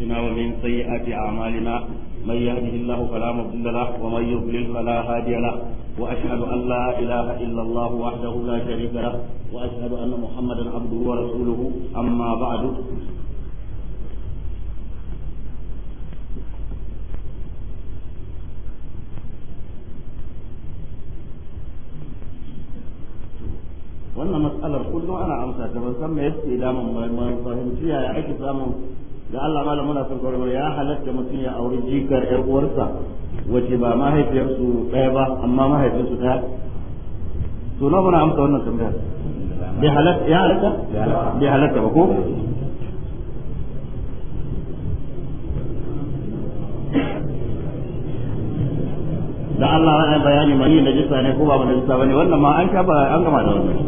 أنفسنا ومن سيئات أعمالنا من يهده الله فلا مضل له ومن يضلل فلا هادي له وأشهد أن لا إله إلا الله وحده لا شريك له وأشهد أن محمدا عبده ورسوله أما بعد wannan matsalar kullum ana amsa ta ban san me yake da mun fahimci yaya ake samun da Allah malam muna son kawai ya halatta mutum ya auri jikar yar uwarsa wace ba mahaifiyarsu ɗaya ba amma mahaifinsu ɗaya to na muna amsa wannan tambaya bai halatta ya halatta bai halatta ba ko da Allah ya bayani mani najisa ne ko ba najisa bane wannan ma an ka ba an gama da wannan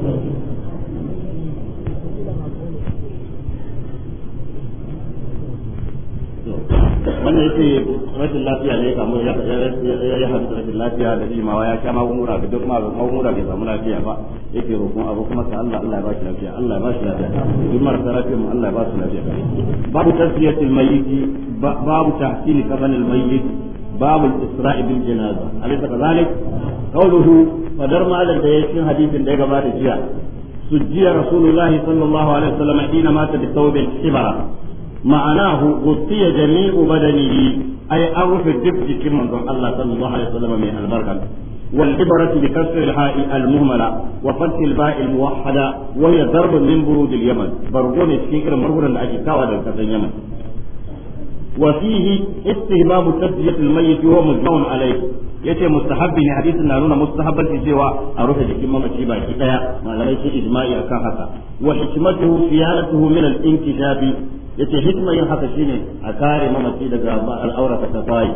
wannan yace rashin lafiya ne kamar ya ya hadu da rashin lafiya da jimawa ya sha magunguna da duk magunguna bai samu lafiya ba yake roƙon abu kuma sa Allah Allah ya ba lafiya Allah ya ba lafiya duk marasa lafiya mu Allah ya ba su lafiya babu tasfiyatul mayyit babu tahsin qabanil mayyit babu al-isra' bil janaza alaysa kadhalik qawluhu fadar malan da yake hadisin da ya gabata jiya sujjiya rasulullahi sallallahu alaihi wasallam hina mata bi thawbil ibara معناه غطي جميع بدنه أي أعرف الدب كم من الله صلى الله عليه وسلم من البركة والعبرة بكسر الهاء المهملة وفتح الباء الموحدة وهي ضرب من برود اليمن برغون الشيكر مرغون الأجكاء ودلكة اليمن وفيه استهباب تسجية الميت وهو مجمع عليه yace mustahabbi ne hadisin na nuna mustahabban cewa a rufe jikin mamaci baki daya malamai sun ijma'i akan haka wa hikmatuhu ziyaratuhu min al-inkishafi yace hikma yin haka shine a kare mamaci daga al'aura ta tafayi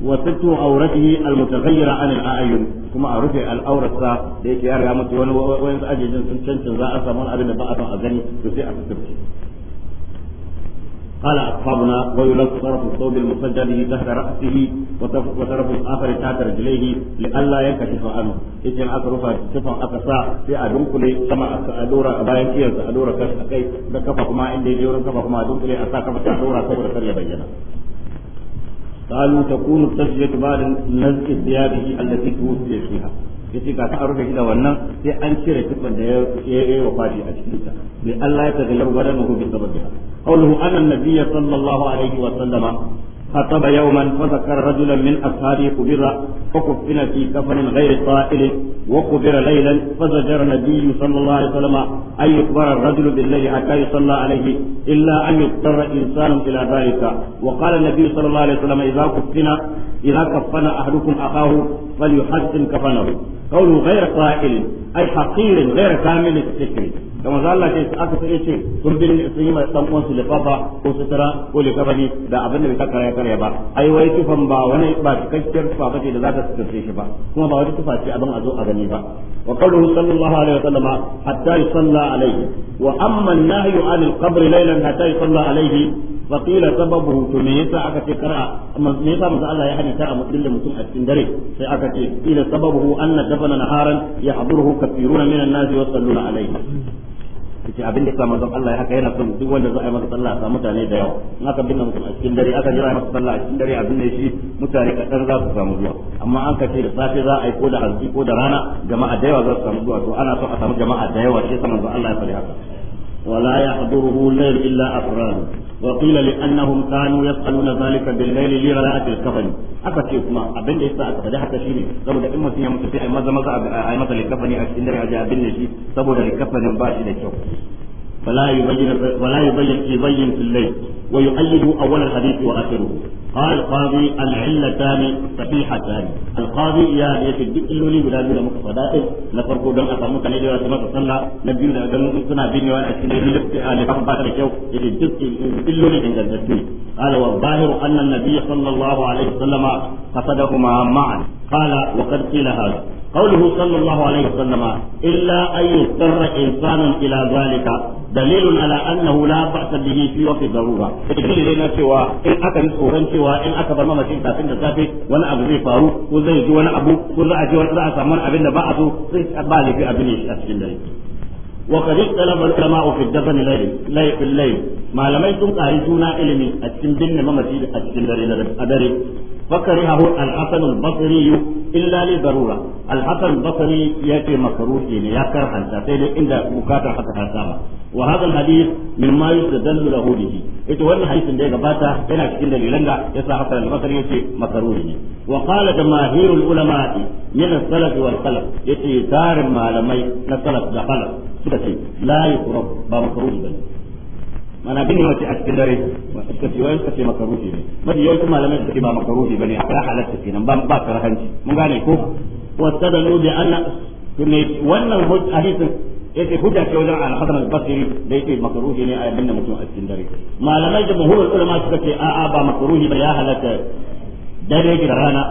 wa sattu auratihi almutaghayyira an al'ayun kuma a rufe al'aurarsa da yake ya riga mutu wani wayan ajejin sun cancin za a samu abin da ba a a gani to sai a fitarci قال أصحابنا ويلف طرف الثوب المسجد تحت رأسه وطرف الآخر تحت رجليه لئلا ينكشف عنه إذن أكرف شفا أكسا في أدنكلي كما أدورة أبايا كيس أدورة كشكي كفكما عندي ديور كفكما أدنكلي أسا كفك أدورة كبر سرية بينا قالوا تكون التسجية بعد نزع ثيابه التي توفي فيها yace ga ta rufe shi da wannan sai an cire tukun da ya yi wa fashi a cikin ta bai Allah ya tagallabu wadannan hukun saboda قوله أن النبي صلى الله عليه وسلم خطب يوما فذكر رجلا من أصحابه قبر فكفن في كفن غير طائل وقبر ليلا فزجر النبي صلى الله عليه وسلم أن يقبر الرجل بالليل حتى يصلى عليه إلا أن يضطر إنسان إلى ذلك وقال النبي صلى الله عليه وسلم إذا كفن إذا كفن أحدكم أخاه فليحسن كفنه قوله غير طائل أي حقير غير كامل السكر da manzo Allah ce aka sai ce sun bin sun yi dan uwan su lifafa ko sutura ko likabani da abin da bai ta ya karya ba ai wai tufan ba wani ba cikakkiyar tufa bace da za ta sutura shi ba kuma ba wata tufa ce abin a zo a gani ba wa qawluhu sallallahu alaihi wasallama hatta yusalla alaihi wa amma an-nahyu 'anil qabri laylan hatta yusalla alaihi فقيل سببه to me yasa aka ce kara me yasa manzo Allah ya hadita a mutum da mutum a cikin dare sai aka ce qila sababuhu anna dafana naharan yahduruhu kathiruna minan nasi wa salluna alayhi kace abin da samun zan Allah ya haka yana son duk wanda za a yi masa sallah sa mutane da yawa in aka binne mutum a cikin dare aka jira masa sallah a cikin dare abin ne shi mutane kadan za su samu zuwa amma an kace da safe za a yi ko da hantsi ko da rana jama'a da yawa za su samu zuwa to ana so a samu jama'a da yawa shi samun zan Allah ya fara haka ولا يحضره الليل إلا أفراد وقيل لأنهم كانوا يسألون ذلك بالليل لغلاءة الكفن أكثر كما أبن إيسا أكثر حتى شيني سبو دا إما سيام تسيح مزا مزا أي مزا للكفن أكثر أجابن شي سبو دا للكفن باشي لشوف فلا يبين ولا يبين يبين في الليل ويؤيد اول الحديث واخره قال القاضي العلتان صحيحتان القاضي يا يتي duk illoli guda biyu da muka faɗa din na farko don a samu kane da su maka sallah na biyu da ganin suna bin yawan a cikin da a da ba ta da kyau yace illoli قال والظاهر أن النبي صلى الله عليه وسلم قصدهما معا قال وقد قيل هذا قوله صلى الله عليه وسلم إلا أن يضطر إنسان إلى ذلك دليل على أنه لا بأس به في وقت الضرورة الدليل لنا سوى إن أتى مسؤولا سوى إن أتى برمما شيء تاسين تسافي وأنا أبو زي فارو وزي جوانا أبو وزي أجي وأنا أسامون أبن بعثه بالي في أبن أسفل وقد اختلف العلماء في الدفن ليل في الليل ما لم يكن قاري سونا علمي أتكن بن ممسي أتكن دري دري فكرهه الحسن البصري إلا لضرورة الحسن البصري يأتي مكروه يا كره ساتين عند مكاتب حتى حسابة وهذا الحديث مما يستدل له به إذا وانا حديث ده جباتا هنا كتير دليلنا يسا حسن البصري يأتي مكروه وقال جماهير العلماء من السلف والخلف يأتي دار ما لمي نسلف دخلف لا يقرب بمكروه بني mana bin mace a cikin dare suka ce wani suka makaruhi ne mafi yawancin malamai suka ce ba makaruhi bane a halatta kenan ba ba karhanci mun gane ko da bi anna tunne wannan hadisin yake hujja ce wajen al-hasan al-basri da yake makaruhi ne a yayin da mutum a cikin dare malamai da muhurul ulama suka ce a'a ba makaruhi ba ya halatta dare da rana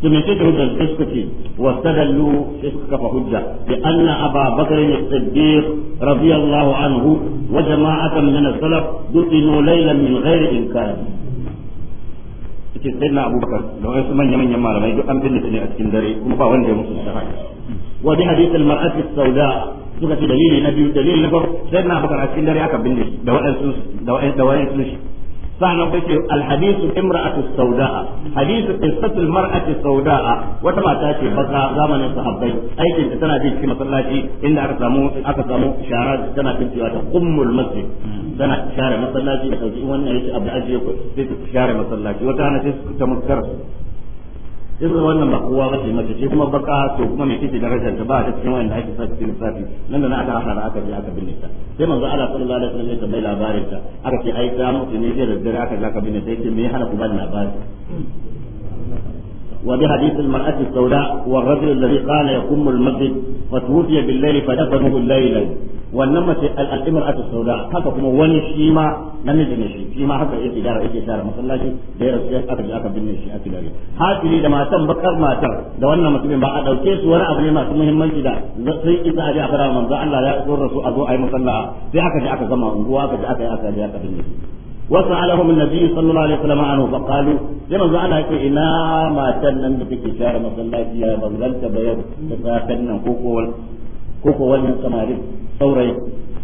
sun ne shekaru da su suka ce wa sadallu sai suka hujja da anna aba bakar ne sadiq radiyallahu anhu wa jama'atan min as-salaf dutinu laylan min ghairi inkar cikin sai na abubakar da wasu manya-manyan malamai duk an binne su ne a cikin dare kuma ba wanda ya musu shara wa bi hadith al-mar'at as-sawda suka ce dalili na biyu dalili na farko sai na abubakar a cikin dare aka binne da waɗansu da waɗansu sannan kuke alhadisu imra'atu sauda'a hadisu qissatul mar'ati sauda'a wata mata ce baka zamanin sahabbai aikin ta tana bi cikin masallaci inda aka samu aka samu shara tana tuntuwa ta ummul masjid tana share masallaci da sauki wannan yace abu ajiye ku sai ta share masallaci wata ana sai ta muskar yanzu wannan ba kowa bace mace ce kuma baka to kuma me kike darajar ta ba ta cikin wanda ake sa cikin lissafi nan da na aka haka aka je aka binne ta sai manzo Allah sallallahu alaihi wasallam ya tambayi labarin ta aka ce ai ta mutu ne sai da dare aka zaka binne ta yace me ya hana ku bani labari وبحديث المرأة السوداء والرجل الذي قال يقوم المسجد وتوفي بالليل فدفنه ليلا wannan mace al'imar atu sauda haka kuma wani shi ma namiji ne shi shi ma haka yake gyara yake gyara masallaci da ya rasu aka je aka binne shi a filari hakili da matan bakar matar da wannan mutumin ba a dauke su wani abu ne masu muhimmanci da sai in za a je a fara manzo Allah ya tsora su a zo a yi musalla sai aka je aka gama unguwa aka je aka yi aka je aka binne wasu na biyu وسألهم النبي صلى الله عليه وسلم عنه فقالوا لما زعل إنا ما تنن بك شار مثلا يا ta بيض فساتن كوكو ko ko wannan samarin saurayi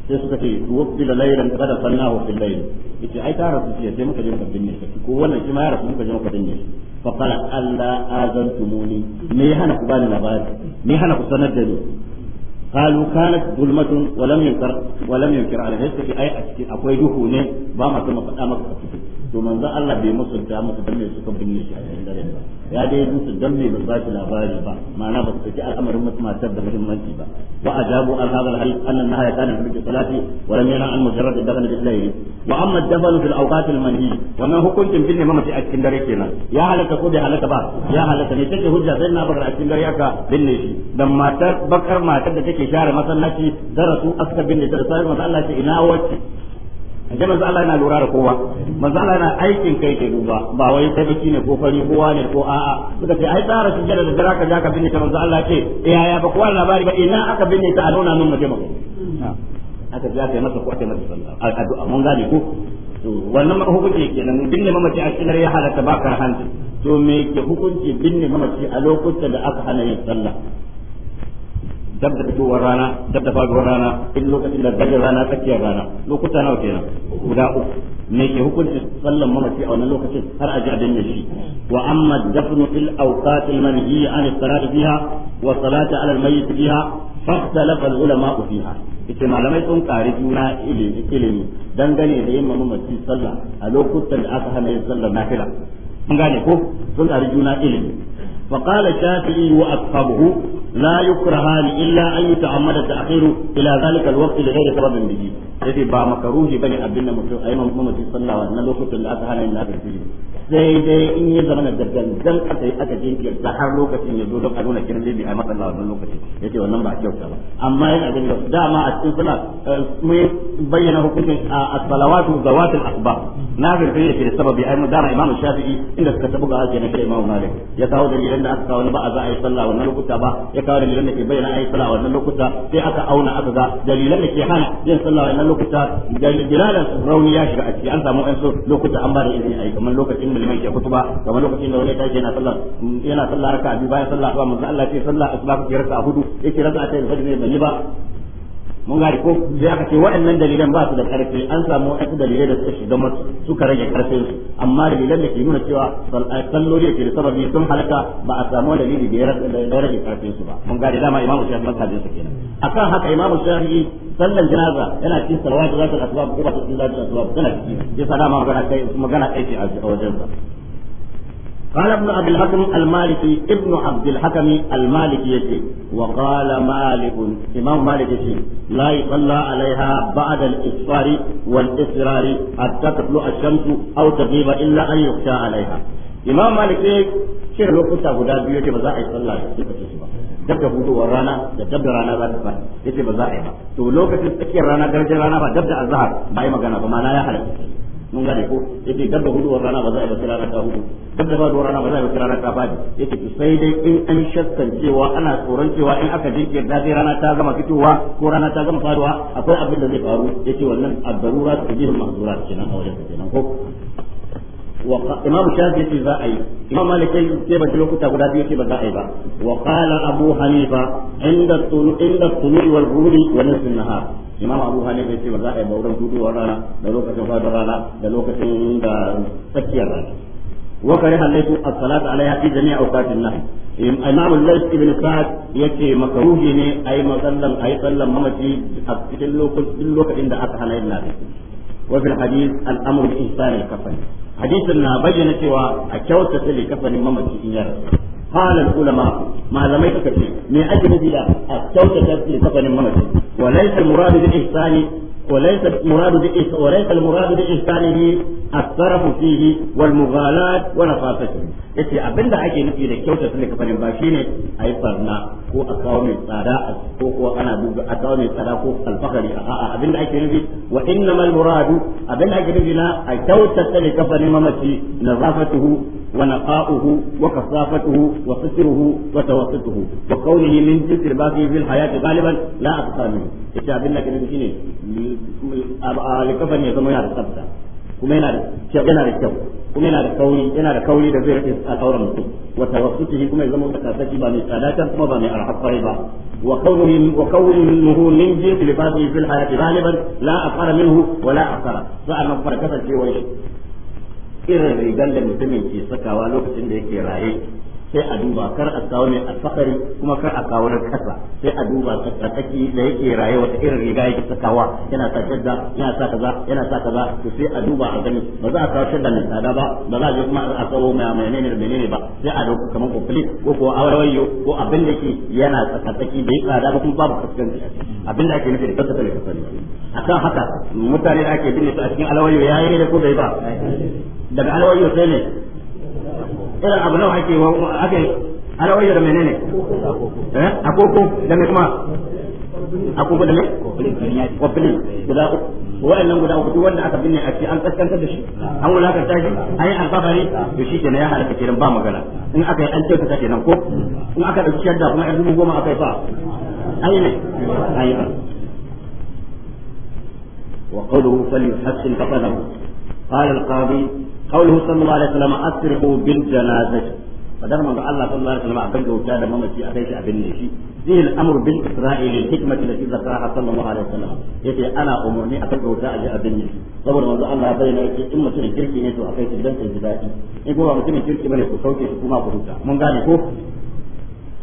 sai suka ce waqti da layran qad sallahu fil layl yace ai ta rasu ce sai muka je muka binne shi ko wannan shi ma ya rasu muka je muka binne shi fa qala alla azantumuni me hana ku bani labari me hana ku sanar da ni قالوا كانت ظلمة ولم ينكر ولم ينكر على هيك في أي أشكال أقوي دخول ما ما تم قدامك to manzon Allah bai musulta musu dan me suka binne shi a cikin dare ba ya dai musu dan me ba ba labari ba ma'ana ba su saki al'amarin musu matar da muhimmanci ba wa ajabu an hadha al-hal anna an-nahaya kana fi salati wa lam yana an mujarrad dafn bil layl wa amma ad fil awqat al-manhi wannan hukuncin binne mamaci a cikin dare kenan ya halaka ko bai halaka ba ya halaka ne take hujja sai na bakar a cikin dare aka binne shi dan matar bakar matar da take share masallaci daratu aska binne ta da sai manzon Allah ce ina wacce da manzo Allah yana lura da kowa manzo Allah yana aikin kai ke duba ba wai kai baki ne ko fari ko wani ko a'a suka ce ai tsara shi da dara ka ja ka binne ta manzo Allah ce eh yaya ba kowa labari ba ina aka binne ta a nuna mun mace mako aka ji aka yi masa ko aka masa sallah addu'a mun gane ko to wannan maka hukunci kenan binne mamaci a cikin ya halatta ba karhanci to me ke hukunci binne mamaci a lokacin da aka hana yin sallah dab da fitowar rana dab da faduwar rana in lokacin da daga rana tsakiyar rana lokuta nawa kenan guda uku ne ke hukunci sallan mamaci a wannan lokacin har a ji a danne shi wa amma dafnu fil awqat al manhiya an as-salati fiha wa salata ala al mayyit fiha fahtalafa al ulama fiha ita malamai sun kare juna ilimi dangane da yin mamaci sallah a lokutan da aka hana yin sallar nafila mun gane ko sun kare juna ilimi فقال الشافعي واصحابه لا يكرهان الا ان يتعمد التاخير الى ذلك الوقت لغير سبب به yace ba makaruhi bane abin da mutum ayi mamaki lokacin da aka hana yin nafil sai dai in yi zama da gangan aka yi aka jinkirta har lokacin ya zo don a nuna kiran a wannan lokacin ya ce wannan ba a kyauta ba amma yana ganin da dama a cikin suna eh, mun bayyana hukuncin a asbalawatu zawatul asba na yake da sababi ai mu dama imamu shafi'i inda suka tabu ga ake na kai imamu malik ya kawo da aka kawo ba a za a yi sallah wannan lokuta ba ya kawo da ke bayyana a yi sallah wannan lokuta sai aka auna aka ga dalilan da ke hana yin sallah wannan lokuta dalilan rauni ya shiga a ciki an samu an so lokuta an ba da izini a yi kamar lokacin liman ke kutuba kamar lokacin da wani ya tashi yana sallar yana sallah raka'a biyu bayan sallar ba manzo Allah ce sallar asuba ku raka'a hudu yake raka'a ta da fajr ne ban ba mun gari ko sai aka ce waɗannan dalilan ba su da ƙarfi an samu wasu dalilai da suka shiga masu suka rage ƙarfin su amma dalilan da ke nuna cewa salloli da ke da sababi sun halaka ba a samu dalili da ya rage ƙarfin su ba mun gari dama imamu shafi masajin su kenan akan haka imamu shafi sallan janaza yana cikin salawatu zakatul asbab ko ba cikin zakatul asbab tana cikin yasa dama magana kai magana kai ce a wajen sa قال ابن عبد الحكم المالكي ابن عبد الحكم المالكي يجي وقال مالك امام مالك يجي لا يصلى عليها بعد الاسفار والاصرار حتى تطلع الشمس او تغيب الا ان يخشى عليها biyu a yi sallah da ba to lokacin tsakiyar rana garjin rana ba magana ya mun gane ko yace dabba hudu wa rana ba za a bar rana ta hudu dabba ba rana ba za a bar rana ta fadi yace sai dai in an shakkan cewa ana tsoron cewa in aka jinkirta sai rana ta gama fitowa ko rana ta gama faduwa akwai abin da zai faru yace wannan ad-darurat tujihul mahzurat kenan a wajen kenan ko imam shafi yace za a yi imam malik yace ban lokuta guda biyu yace ba za a yi ba wa qala abu hanifa inda tulu inda tulu wal ghururi wa nisf nahar imam abu hanifa yace ba za a yi ba wurin dudowar rana da lokacin fadar rana da lokacin da tsakiyar rana wa kare halaitu as-salatu alaiha fi jami'i awqatin nahr imam al-layth ibn sa'd yace makruhi ne ayi masallan ayi sallan mamaci a cikin lokacin lokacin da aka hana yin nafi وفي الحديث الامر باحسان kafani. hadisin na bayyana cewa a kyauta ta likafanin mamaci in yara halar ulama malamai suka ce me ake nufi da a kyauta ta likafanin mamaci wa laisa muradu da ihsani وليس المراد وليس المراد بإحسانه الصرف فيه والمغالاة ونفاسته yace abin da ake nufi da kyauta tun ka farin ba shine ayi farna ko a kawo mai tsada ko ko ana duba a kawo mai tsada ko alfahari a a abin da ake nufi wa muradu ake na a kyauta ونقاؤه وكثافته وقصره وتوسطه وقوله من جنس الباقي في الحياة غالبا لا أقصى منه الشعب إنك نبشيني da yana da kyau kuma yana da wa tawassutuhi kuma ya wa qawlihi wa min jinsi libasi fil la aqara minhu la aqara sa'an irin rigar da mutumin ke sakawa lokacin da yake raye sai a duba kar a kawo mai alfahari kuma kar a kawo na kasa sai a duba tsakaki da yake raye wata irin riga yake sakawa yana sa shadda yana sa kaza yana sa kaza to sai a duba a gani ba za a kawo shadda mai tsada ba ba za a je kuma a kawo mai menene da menene ba sai a duba kamar complete ko ko awarwayo ko abin da yake yana tsakaki da yake tsada ba kuma babu kaskanci abin da ake nufi da kasa ne akan haka mutane da ake binne su a cikin alwayo yayi ne ko bai ba daga alawayyo sai ne irin abu nawa ake wa ake alawayyo da menene eh akoko da me kuma akoko da me kofilin guda uku wa'annan guda uku wanda aka binne a ce an kaskantar da shi an wulakanta shi an yi alfahari to shi na ya halaka kenan ba magana in aka yi an kyautata kenan ko in aka ɗauki shadda kuma yan dubu goma aka yi fa ayi ne ayi ba وقوله فليحسن فقده قال القاضي قوله صلى الله عليه وسلم أسرقوا بالجنازة فدر من الله صلى الله عليه وسلم أبنك وكاد ممشي أخيش أبن شيء فيه الأمر بالإسراء للحكمة التي ذكرها صلى الله عليه وسلم يتي أنا أمرني أبنك وكاد أبن شيء saboda manzo Allah ya bayyana yake in mutumin kirki ne to akai shi dan ji daɗi in kuma mutumin kirki bane ku sauke shi kuma ku huta mun gane ko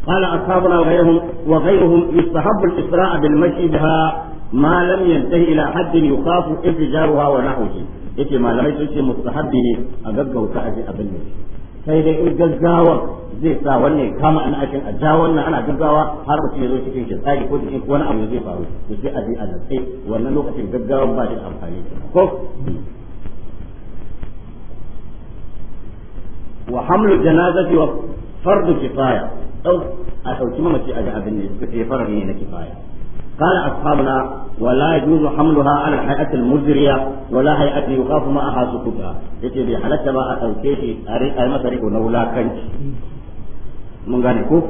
قال أصحابنا وغيرهم وغيرهم يستحب الإسراء بالمشي بها ما لم ينتهي إلى حد يخاف انفجارها ونحوه yake malamai sun ce mustahabbi ne a gaggauta a je abin ne sai dai in gaggawa zai sa wannan kama an ashin a ja wannan ana gaggawa har mutum ya zo cikin shi tsari ko cikin wani abu zai faru to sai a je a natsi wannan lokacin gaggawa ba shi amfani ko wa hamlu janazati wa fardu kifaya a dauki mamaci a ga abin ne suka ce farar ne na kifaya قال أصحابنا ولا يجوز حملها على الحياة المجرية ولا هيئة يخاف معها سكوتها يتي بي حلت ما أتوكيه أي مسرق نولا كنت من غاني كوب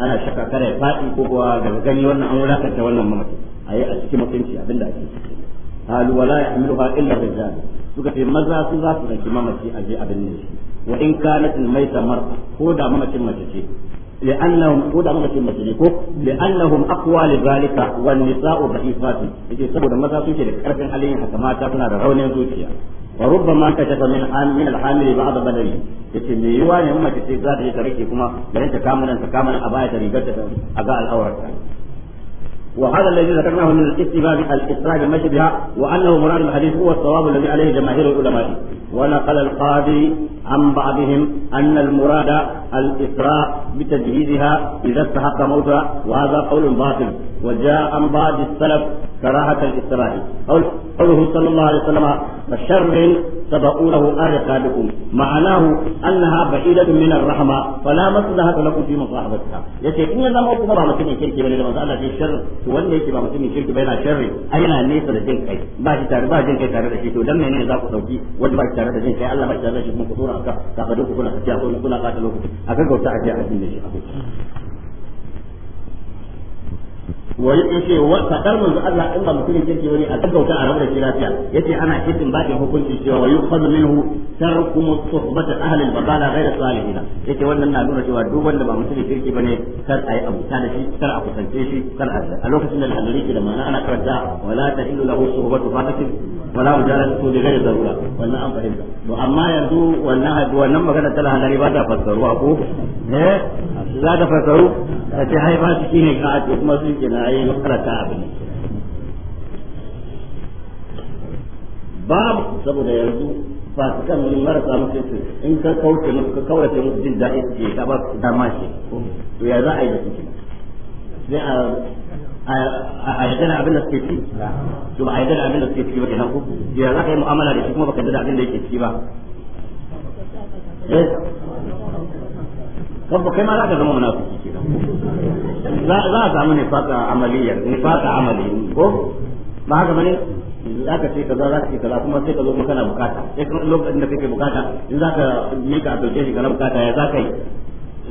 أنا شكا كري فائي كوب وغني وانا أولا كنت وانا ممت أي أسكي مطنشي أبن داكي قالوا ولا يحملها إلا الرجال سكتي مزا سوزا سكتي ممتي أجي أبن نيشي وإن كانت الميتة مرأة هو دا ممتي ممتي لأنهم قد أمك في المسجد لأنهم أقوى لذلك والنساء ضعيفات يجي سبب ما تسوي لك أركن عليهم حكمات تكون رعون يزوجها وربما كشف من من الحامل بعض بدنه yace me yiwa ne umma ce za ta yi tarike kuma da ta kamunan ta kamunan a baya ta rigar ta a ga al'aurar وهذا الذي ذكرناه من الاستباب الاسراء بالمشي بها وانه مراد الحديث هو الصواب الذي عليه جماهير العلماء ونقل القاضي عن بعضهم ان المراد الاسراء بتجهيزها اذا استحق موتها وهذا قول باطل وجاء عن بعض السلف كراهه الاسراء قوله صلى الله عليه وسلم بشر سبقونه ارقادكم معناه انها بعيده من الرحمه فلا مصلحه لكم في مصاحبتها شيخ ان الله كما ما كان في الشر to wanda yake ba mutumin kirki ba yana sharri ai yana nesa da jin kai ba shi tare ba jin kai tare da shi to dan menene za ku dauki wanda ba shi tare da jin kai Allah ba shi tare da shi kuma ku tura aka kafa duk kuna tafiya ko kuna bata lokaci a gaggauta a je a jin da shi a wani yace wa fadar manzo Allah in ba mutumin kirki wani a gaggauta a rabu da shi lafiya yace ana kitin ba da hukunci cewa wa yuqadu minhu tarku suhbata ahli al-badala ghayra salihin yake wannan na nuna cewa duk wanda ba mutumin kirki bane kar ayi abuta da shi kar a kusance shi kar a a lokacin da al ke da ma'ana ana karanta wala ta tahillu lahu suhbatu fasikin wala mujalatu li ghayri darura wannan an fahimta to amma yanzu wannan wannan magana ta halari ba ta fassaruwa ko eh za ta fasaru ta ce haifa su ne ka ake kuma ke na yi makarata abu ne babu saboda yanzu fasikan marasa mutum in ka kauce musu ka kaurace musu jin daɗi su ke su dama to ya za a yi da su sai a haidar abin da suke ci to ba a abin da suke ci ba kenan ko ya za ka yi mu'amala da shi kuma baka abin da yake ci ba eh. babba kai ma za ka zama munafiki kenan za a samu nifaka amaliya nifaka amali ko ba haka bane za ka ce kaza za ka ce kaza kuma sai ka zo kana bukata sai kuma lokacin da kake bukata in za ka mika a dauke shi kana bukata ya za ka yi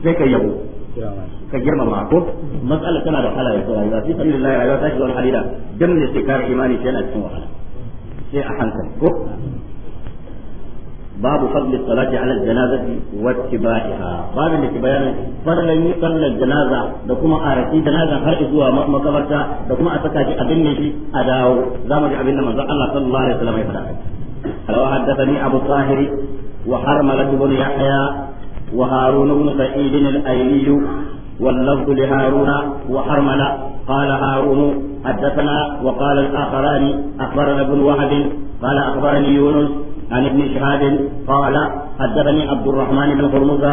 sai ka yabo ka girmama ko matsalar tana da halaye ta rayuwa sai kan lillahi rayuwa ta shi wani halida dan ne sai kare imani sai yana cikin wahala sai a hankali ko باب فضل الصلاة على الجنازة واتباعها باب لك بيان فرلن صلى الجنازة دكما آرتي جنازة هر إزوا مقبرتا دكما أتكاكي أبن شي أداو زامج أبن من الله صلى الله عليه وسلم يفرح لو حدثني أبو الطاهر وحرملة بن يحيى وهارون بن سعيد الأيلي واللفظ لهارون وحرملة قال هارون حدثنا وقال الآخران أخبرنا ابن وهب قال أخبرني يونس عن ابن شهاب قال حدثني عبد الرحمن بن هرمز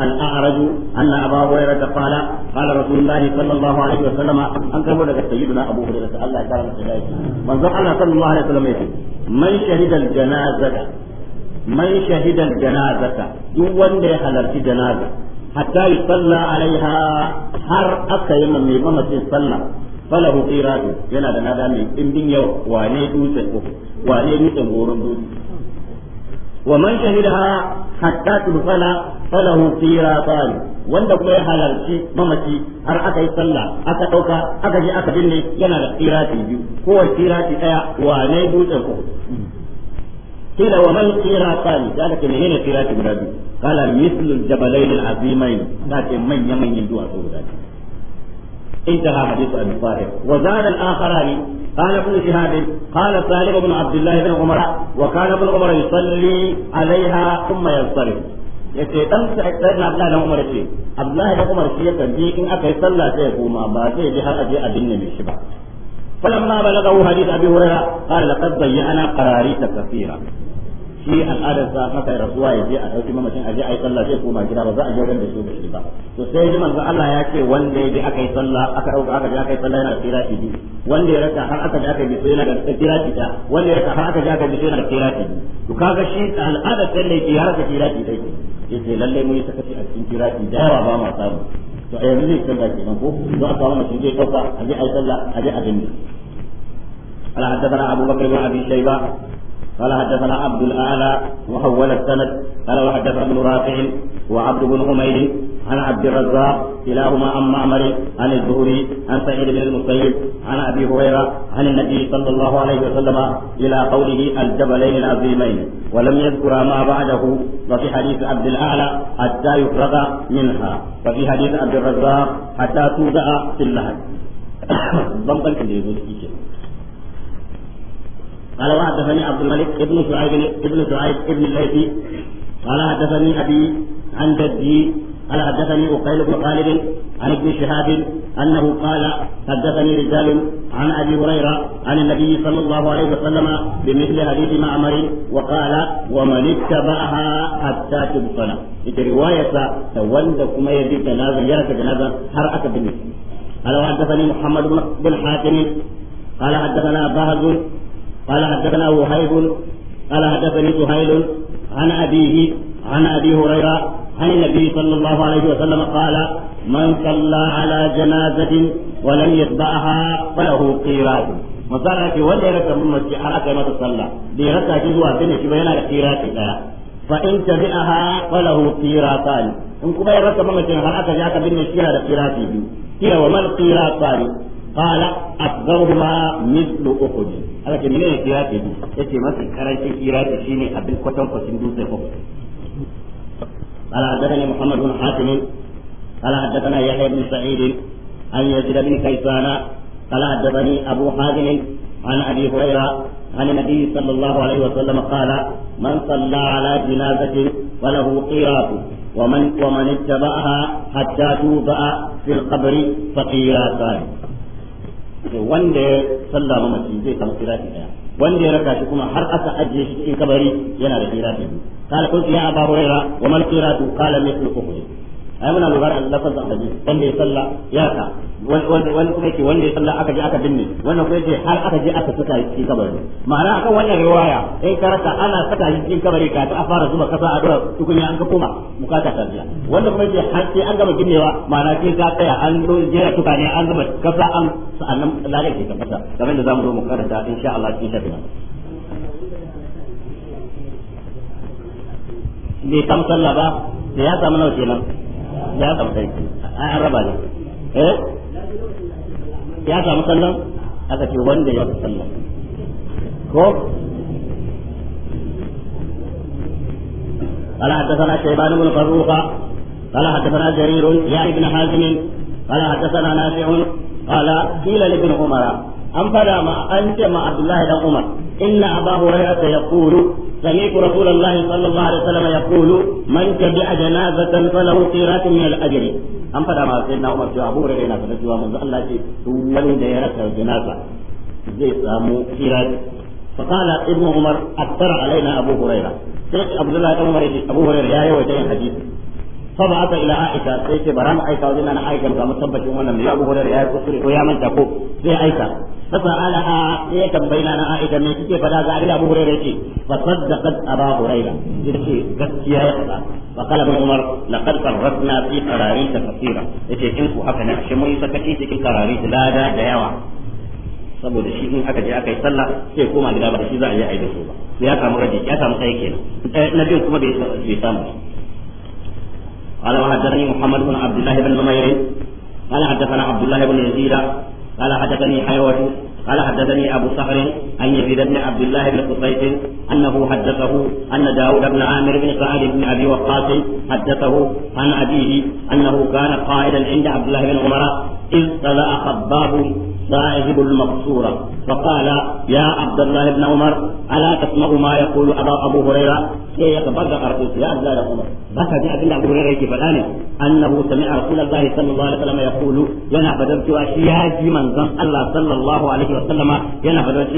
الأعرج أن أبا هريرة قال قال رسول الله صلى الله عليه وسلم أن كبر سيدنا أبو هريرة الله تعالى من الله صلى الله عليه وسلم من شهد الجنازة من شهد الجنازة دون ده حلرت جنازة حتى يصلى عليها har aka yi mai mamacin sallah falahu qiratu yana da nada mai dimbin yau wane dutsen uku wane dutsen goron dutse ومن شهدها حتى تدخل فله قيراطان wanda kuma ya halarci mamaci har aka yi sallah aka ɗauka aka je aka binne yana da tsirati biyu kowace tsirati ɗaya wa ne dutsen ku wa man tsiratani da aka ce menene tsirati guda biyu kala mislul jabalain al'azimain da ce manya manyan duwatsu guda biyu wa al قال ابن شهاب قال سالم بن عبد الله بن عمر وكان ابن عمر يصلي عليها ثم ينصرف yace dan sai na Abdullah Umar ce Abdullahi da Umar shi yakan je in aka yi sallah sai ya koma ba sai ji har aje abin ne shi ba falamma balagahu hadith abi hurairah qala laqad dayyana qararita kathira shi al'adar sa haka rasuwa ya je a dauki mamacin aje ayi sallah sai koma gida ba za a je da shi da shi ba to sai ji manzo Allah ya ce wanda ya je aka yi sallah aka dauka aka je aka yi sallah yana da tirati bi wanda ya raka har aka je aka yi sai yana da tirati da wanda ya raka har aka je aka yi sai yana da tirati bi to kaga shi al'adar sai ne ke har aka tirati dai yace lalle mun yi sakaci a cikin tirati da yawa ba ma samu to a yanzu zai sallah kenan ko don a samu mutum zai dauka aje ayi sallah aje a dinne قال حدثنا ابو بكر بن ابي شيبه قال حدثنا عبد الاعلى وحول السند قال وحدثنا ابن رافع وعبد بن حميد عن عبد الرزاق كلاهما عن معمر عن الزهري عن سعيد بن المسيب عن ابي هريره عن النبي صلى الله عليه وسلم الى قوله الجبلين العظيمين ولم يذكر ما بعده وفي حديث عبد الاعلى حتى يفرغ منها وفي حديث عبد الرزاق حتى توضع في اللحد ضمن كده قال وحدثني عبد الملك ابن سعيد ابن سعيد ابن الليثي قال حدثني ابي عن جدي قال حدثني أقيل بن خالد عن ابن شهاب أنه قال حدثني رجال عن أبي هريرة عن النبي صلى الله عليه وسلم بمثل حديث معمر وقال ومن اتبعها حتى تبطل في رواية تولد كما يدي جنازة يرى جنازة هرأت بالنسبة قال وحدثني محمد بن حاتم قال حدثنا بهز قال حدثنا وهيب قال حدثني سهيل عن أبيه عن أبي هريرة عن النبي صلى الله عليه وسلم قال من صلى على جنازة ولم يتبعها فله قيراط مسارك wanda ya raka mamaci har aka yi masa sallah bai raka shi zuwa bane shi ba yana da qirati daya fa in tabi'aha falahu qiratan in kuma ya raka mamacin har aka ji aka binne shi yana da qirati biyu kira wa mal qiratan قال أصغرهما مثل أحد هذا كان من الكيات يجي مثل كرنش الكيات يشيني أبن كتن فسندوس أحد قال حدثني محمد بن حاتم قال حدثنا يحيى بن سعيد عن يزيد بن كيسان قال حدثني أبو حازم عن أبي هريرة عن النبي صلى الله عليه وسلم قال من صلى على جنازة وله قيراط ومن ومن اتبعها حتى توضع في القبر فقيراتان wanda ya sallama mace zai samu kirafi daya wanda ya raka shi kuma har aka ajiye shi cikin kabari yana da kirafi biyu kala kun ya aba huraira wa man qiratu qala mithlu ukhri ai muna lura da lafazin hadisi wanda ya salla ya ka wani kuma yake wanda ya sallah aka je aka binne wannan kuma yake har aka je aka saka shi cikin kabari ma'ana akan wannan riwaya in karaka ana saka shi cikin kabari ka ta fara zuba kasa a dora tukunya an ka koma bukata ta biya wanda kuma yake har sai an gama binnewa ma'ana sai ka tsaya an zo jera tuka ne an zuba kasa an sa'annan lalai ke tabbata kamar da zamu zo mu karanta insha Allah cikin shafin bai samu sallah ba da ya samu kenan da ya samu sai an raba ne eh ya samu sallan aka ce wanda ya fi sallan ko قال حدثنا شيبان بن فروخة قال حدثنا جرير يا ابن حازم قال حدثنا نافع قال قيل لابن عمر أن ما أنت مع عبد الله بن عمر إن أبا هريرة يقول سمعت رسول الله صلى الله عليه وسلم يقول من تبع جنازة فله قيرات من الأجر an fada ma sai na umar cewa abu da yana fada cewa manzo Allah ce duk wanda ya rasa jinaza zai samu kirari fa kana ibnu umar attara alaina abu huraira sai abdullahi dan umar abu huraira ya yi wajen hadisi fa ba aka ila aisha sai ce bara mu aika wajen na aika ga mutabbacin wannan ne abu huraira ya kusure ko ya manta ko sai aika فسألها هيك بين أنا إذا ما تيجي فلا زعل أبو هريرة فصدقت أبا هريرة يشي قسيا فقال ابن عمر لقد فرطنا في قراريس كثيرة يشي إنكو حكنا شموي سكتي في قراريس لا دا دعوة saboda shi in aka je aka yi sallah sai koma gida ba shi za a yi aida su ba ya samu raji ya samu kai kenan na biyu kuma bai samu قال وحدثني محمد بن عبد الله بن نمير قال حدثنا عبد الله بن يزيد قال حدثني حيوة قال حدثني أبو صخر أن يزيد بن عبد الله بن قصيد أنه حدثه أن داود بن عامر بن سعد بن أبي وقاص حدثه عن أبيه أنه كان قائدا عند عبد الله بن عمر إذ طلع خباب صاحب المقصورة فقال يا عبد الله بن عمر ألا تسمع ما يقول أبا أبو هريرة شيخ بدأ أرقص يا عبد الله عمر بس جاء بن أبو هريرة كيف أنه سمع رسول الله صلى الله عليه وسلم يقول ينا بدرت وشياج من زم الله صلى الله عليه وسلم ينا بدرت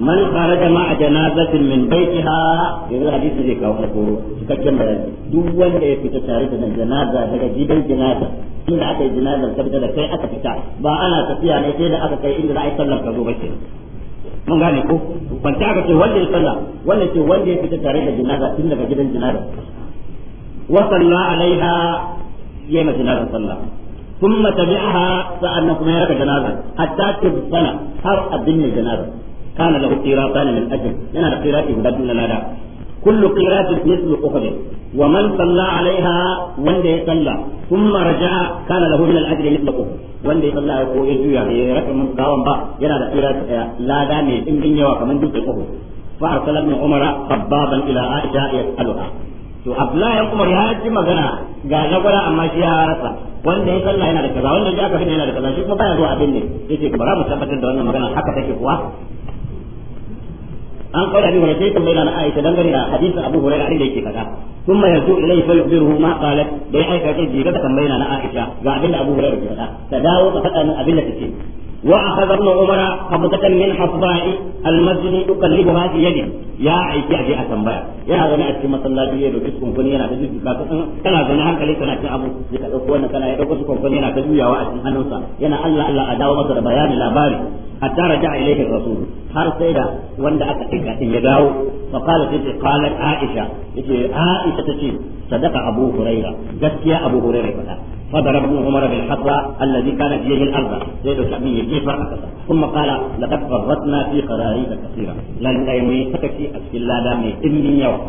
من خرج مع جنازة من بيتها إذا الحديث ذيك أو تقول تكلم duk wanda ya fita tare da janaza daga gidan janaza inda aka yi janazar tabbata da kai aka fita ba ana tafiya ne sai da aka kai inda za a yi sallar ka zo ba mun gane ko ban ta aka ce wanda ya sallah ce wanda ya fita tare da jinaza tun daga gidan jinaza wa salla alaiha yayi ma jinaza sallah ثم تبعها فأنكم يرك جنازة حتى تبطل هر أبن الجنازة كل قراءة مثل أخرى ومن صلى عليها وند يصلى ثم رجع كان له من الأجر مثل أخرى وند يصلى يقول يجوع يركب قاوم با ينادى قراءة لا دامي إن دنيا وكمن جزء أخرى فأرسل ابن عمر خبابا إلى عائشة يسألها to Abdullahi yan Umar ya ji magana ga nagwara amma shi ya rasa wanda ya sallah yana da kaza wanda ya aka fina yana da kaza shi kuma baya zuwa abin ne yace bara mu tabbatar da wannan magana haka take kuwa an kaura bi hurairah sai tambayar na Aisha dangane da hadisin Abu Hurairah da yake kaza mai yazu ilai fa yubiru ma qalat da ya aika ce jiga da tambayar na Aisha ga abin da Abu Hurairah ke faɗa ta dawo ka faɗa min abin da take واخذ ابن عمر حفظة من حفظاء المسجد يقلبها في يده يا عيسى اجي اتنبا يا غني اتي مسلاتي يدو كيس كونفني yana da jiki ka kana zaune hankali kana cin abu sai ka dauko wannan kana ya dauko su kwanfani yana ta juyawa a cikin hannunsa yana Allah Allah a dawo masa da bayani labari hatta har sai da wanda aka aika din ya dawo fa qala tace qalat aisha yace aisha ce sadaka abu hurairah gaskiya abu hurairah فضرب ابن عمر بالحصى الذي كان في يده الارض زيد الشعبي كيف ثم قال لقد فرطنا في قراريب كثيره لن ايمي فتكي اسكلا دامي امي يوم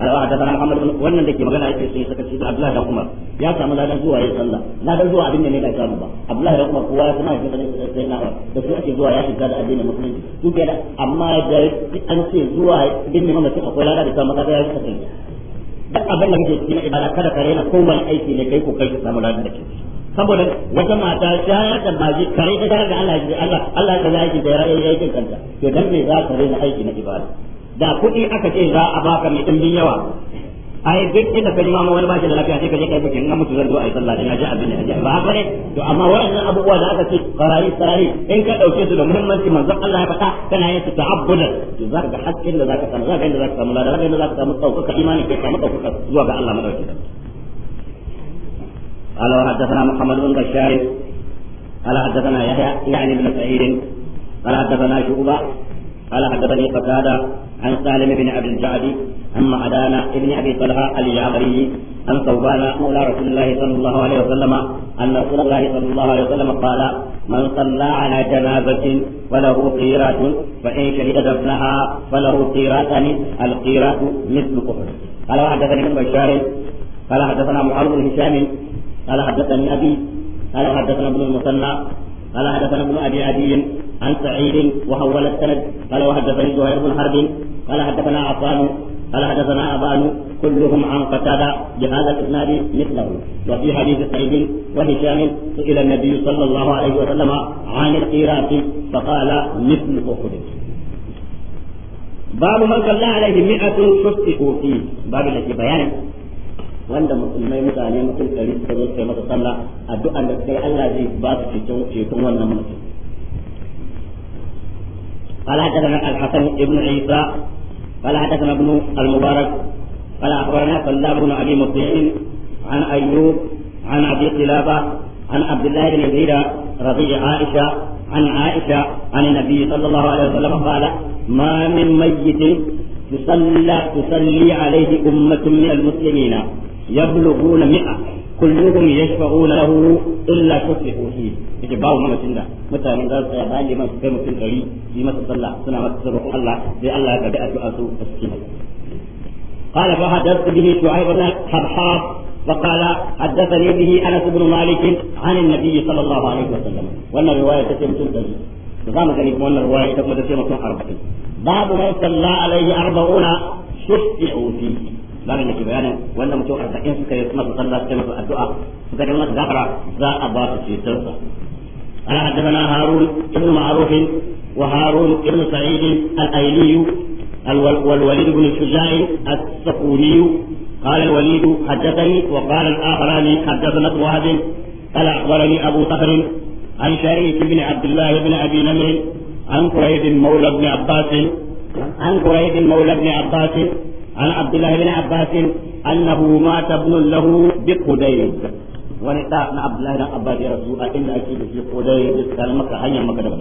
قال وحدثنا محمد بن wannan dake magana yake sai saka shi Abdullah da Umar ya samu ladan zuwa yayin sallah ladan zuwa abin da ne da samu ba Abdullah da Umar kowa kuma ya sanin sai na da su ake zuwa ya shiga da addinin musulunci su da amma da an ce zuwa din ne mamaki akwai ladan da samu kaga ya saka duk abin da kake cikin ibada kada ka rena kowane aiki ne kai kai ka samu ladan da ke saboda wata mata ta ya tambaji kare ta tare da Allah ya Allah Allah ya yake da ra'ayi aikin kanta to dan me za ka rena aiki na ibada da kuɗi aka ce za a baka mai ɗimbin yawa ai duk inda ka jima wani ba shi da lafiya sai ka je kai bukin ga mutu zan zo yi sallah dan ji abin da ba haka ne to amma waɗannan abubuwa da aka ce qarari qarari in ka dauke su da muhimmanci manzon Allah ya faɗa kana yin ta'abbudan to zaka ga hakkin da zaka samu da inda zaka samu ladan da inda zaka samu tsaukaka imani ka samu tsaukaka zuwa ga Allah madauki قال وحدثنا محمد بن بشار قال حدثنا يحيى يعني بن سعيد قال حدثنا شعبه قال حدثني قتادة عن سالم بن أبي الجعد عن معدان بن أبي طلحة الجعفري عن ثوبان مولى رسول الله صلى الله عليه وسلم أن رسول الله صلى الله عليه وسلم قال من صلى على جنازة فله قيرات فإن شهد دفنها فله قيراتان القيرات مثل كفر قال حدثني ابن بشار قال حدثنا معاذ بن هشام قال حدثني أبي قال حدثنا ابن المثنى قال حدثنا ابن أبي عدي عن سعيد وحول السند قال وحدثني زهير بن حرب قال حدثنا عفان قال حدثنا أبان كلهم عن قتادة بهذا الإسناد مثله وفي حديث سعيد وهشام سئل النبي صلى الله عليه وسلم عن القيرات فقال مثل أحد باب من صلى عليه مئة شفعوا فيه باب الذي بيانه wanda musulmai mutane mutum ɗari suka zo suka yi masa sallah addu'an da sai Allah zai ba su ceton wannan mutum قال حدثنا الحسن بن عيسى قال حدثنا ابن المبارك قال اخبرنا صلى بن ابي مطيع عن ايوب عن ابي قلابه عن عبد الله بن زيد رضي عائشه عن عائشه عن النبي صلى الله عليه وسلم قال ما من ميت تصلى تصلي عليه امه من المسلمين يبلغون مئة kulluhum yashfa'una lahu illa tuslihu hi yake babu mamacin da mutanen za su tsaya bayan liman su kai mutum ɗari yi masa sallah suna masa sarrafa Allah sai Allah ya karɓi addu'a su a cikin قال فحدثت به شعيب بن حبحاب وقال حدثني به انس بن مالك عن النبي صلى الله عليه وسلم وان الروايه تتم تنتهي نظام كريم وان الروايه تتم تتم اربعين باب من صلى عليه اربعون شفعوا فيه bayanin da ke bayanin wanda mutum arba'in suka yi masu sallah suka yi masu addu'a suka yi masu gafara za a ba su cetar sa harun ibn wa harun ibn sa'idin al-ayliyu والوليد بن شجاع السقوري قال الوليد حدثني وقال الاخران حدثنا ابو قال اخبرني ابو صخر عن شريك بن عن عبد الله بن عباس أنه مات ابن له بقديد ونطاع عبد الله بن عباس يا رسول الله إن أكيد في قديد قال مكة هيا مكة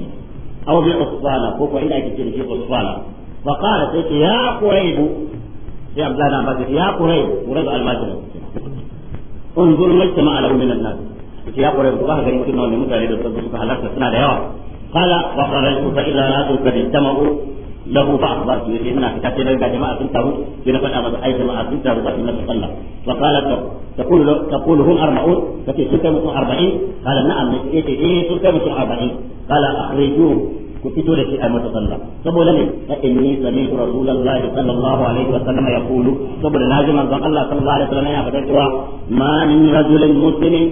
أو بعصفانة فوق إن أكيد في عصفانة فقال سيك يا قريب يا عبد الله بن عباس يا قريب مريد المجد انظر ما اجتمع له من الناس يا قريب الله غريب كنا من مكة لدى الصدق هلكت سنة قال وخرجت فإلا ناس قد اجتمعوا lahu fa akhbartu yace ina fita sai daga jama'a sun taru sai na faɗa masa ai jama'a sun taru ba inna sallah wa qala taqulu taqulu hum arba'un kace sun kai mutum arba'in qala na'am yace eh sun kai mutum arba'in qala ku fito da shi a mata sallah saboda ne fa inni sami'tu rasulullahi sallallahu alaihi wa sallam yaqulu saboda na naji manzon Allah sallallahu alaihi wa sallam ya faɗa cewa ma min rajulin muslimin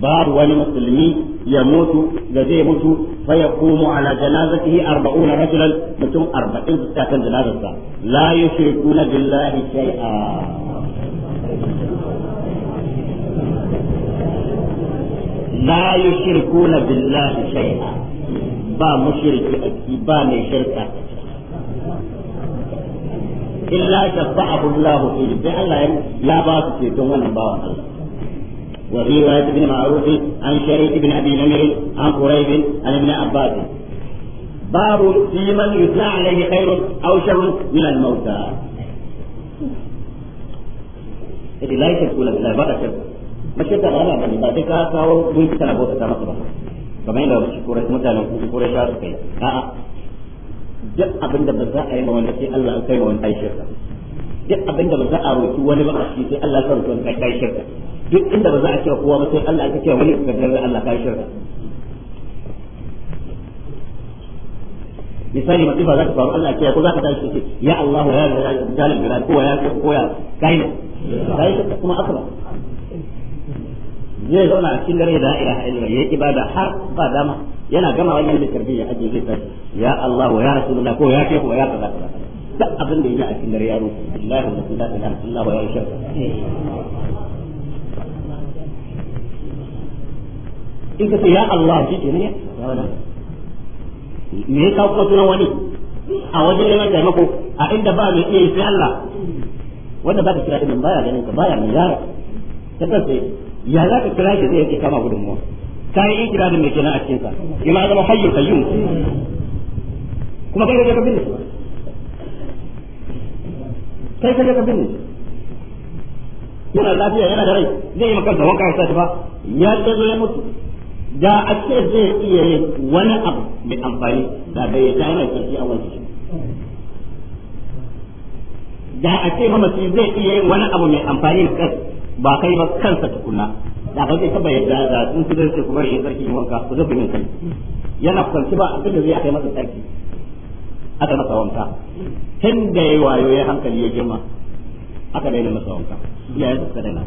babu wani musulmi ya mutu da zai mutu fa ya komo ala janazatihi arba'una rajulan mutum arba'in su ta kan janazarsa la yushrikuna billahi shay'a la yushrikuna billahi shay'a ba mushriki a ciki ba mai shirka illa shabba'ahu Allah fi bi Allah ya ba su ceton wannan bawan Allah وفي رواية ابن معروف عن شريك بن أبي نمر عن قريب عن ابن عباس باب في من يتلى عليه خير أو شر من الموتى إذا لا يشرك ولا لا ما شرك ما شرك لا لا ما شرك لا لا ما شرك لا لا kamar yadda su kurai mutanen kuɗi kurai sha su kai a'a duk abin da ba za a yi ma wanda sai Allah an kai ma wani kai shirka duk abin da ba za a roki wani ba a shi sai Allah ya roki wani kai shirka duk inda ba za a ce kowa ba sai Allah ka ce wani ka ga Allah kai shirka misali masifa za ta faru Allah ya ko za ka tashi ce ya Allah ya ya jalil bilal ko ya ko ya kai kai kuma asaba zai zauna a cikin dare da ila ila ya ibada har ba dama yana gama wannan da karbi ya aje zai tashi ya Allah wa ya rasulullah ko ya shehu wa ya kaza kaza duk abin da yake a cikin dare ya ruku Allah da rasulullah ila Allah wa ya shehu in ka ce ya Allah shi ke ne ya wannan me ya kawo sunan wani a wajen neman taimako a inda ba mai iya yi sai Allah wanda ba ka kira ɗin baya ganin ka baya mai yara ta kasance ya za ka kira shi zai yake kama gudun gudunmuwa kayan yin kira da mai kenan a cikin sa ina zama hayyul qayyum kuma kai ka ka binne kai ka ka binne yana lafiya yana da rai zai yi maka da wanka ya sa ba ya tsazo ya mutu da a ce zai iya yin wani abu mai amfani da bai ya tayar da shi a wanke shi da a ce mamaci zai iya yin wani abu mai amfani da kansa ba kai ba kansa tukuna da kai sai kaba yadda da sun su zai kuma yin sarki in wanka ku zubi min kai yana kwanci ba abin da zai aka masa sarki aka masa wanka tun da ya wayo ya hankali ya girma aka daina masa wanka ya yi suka dana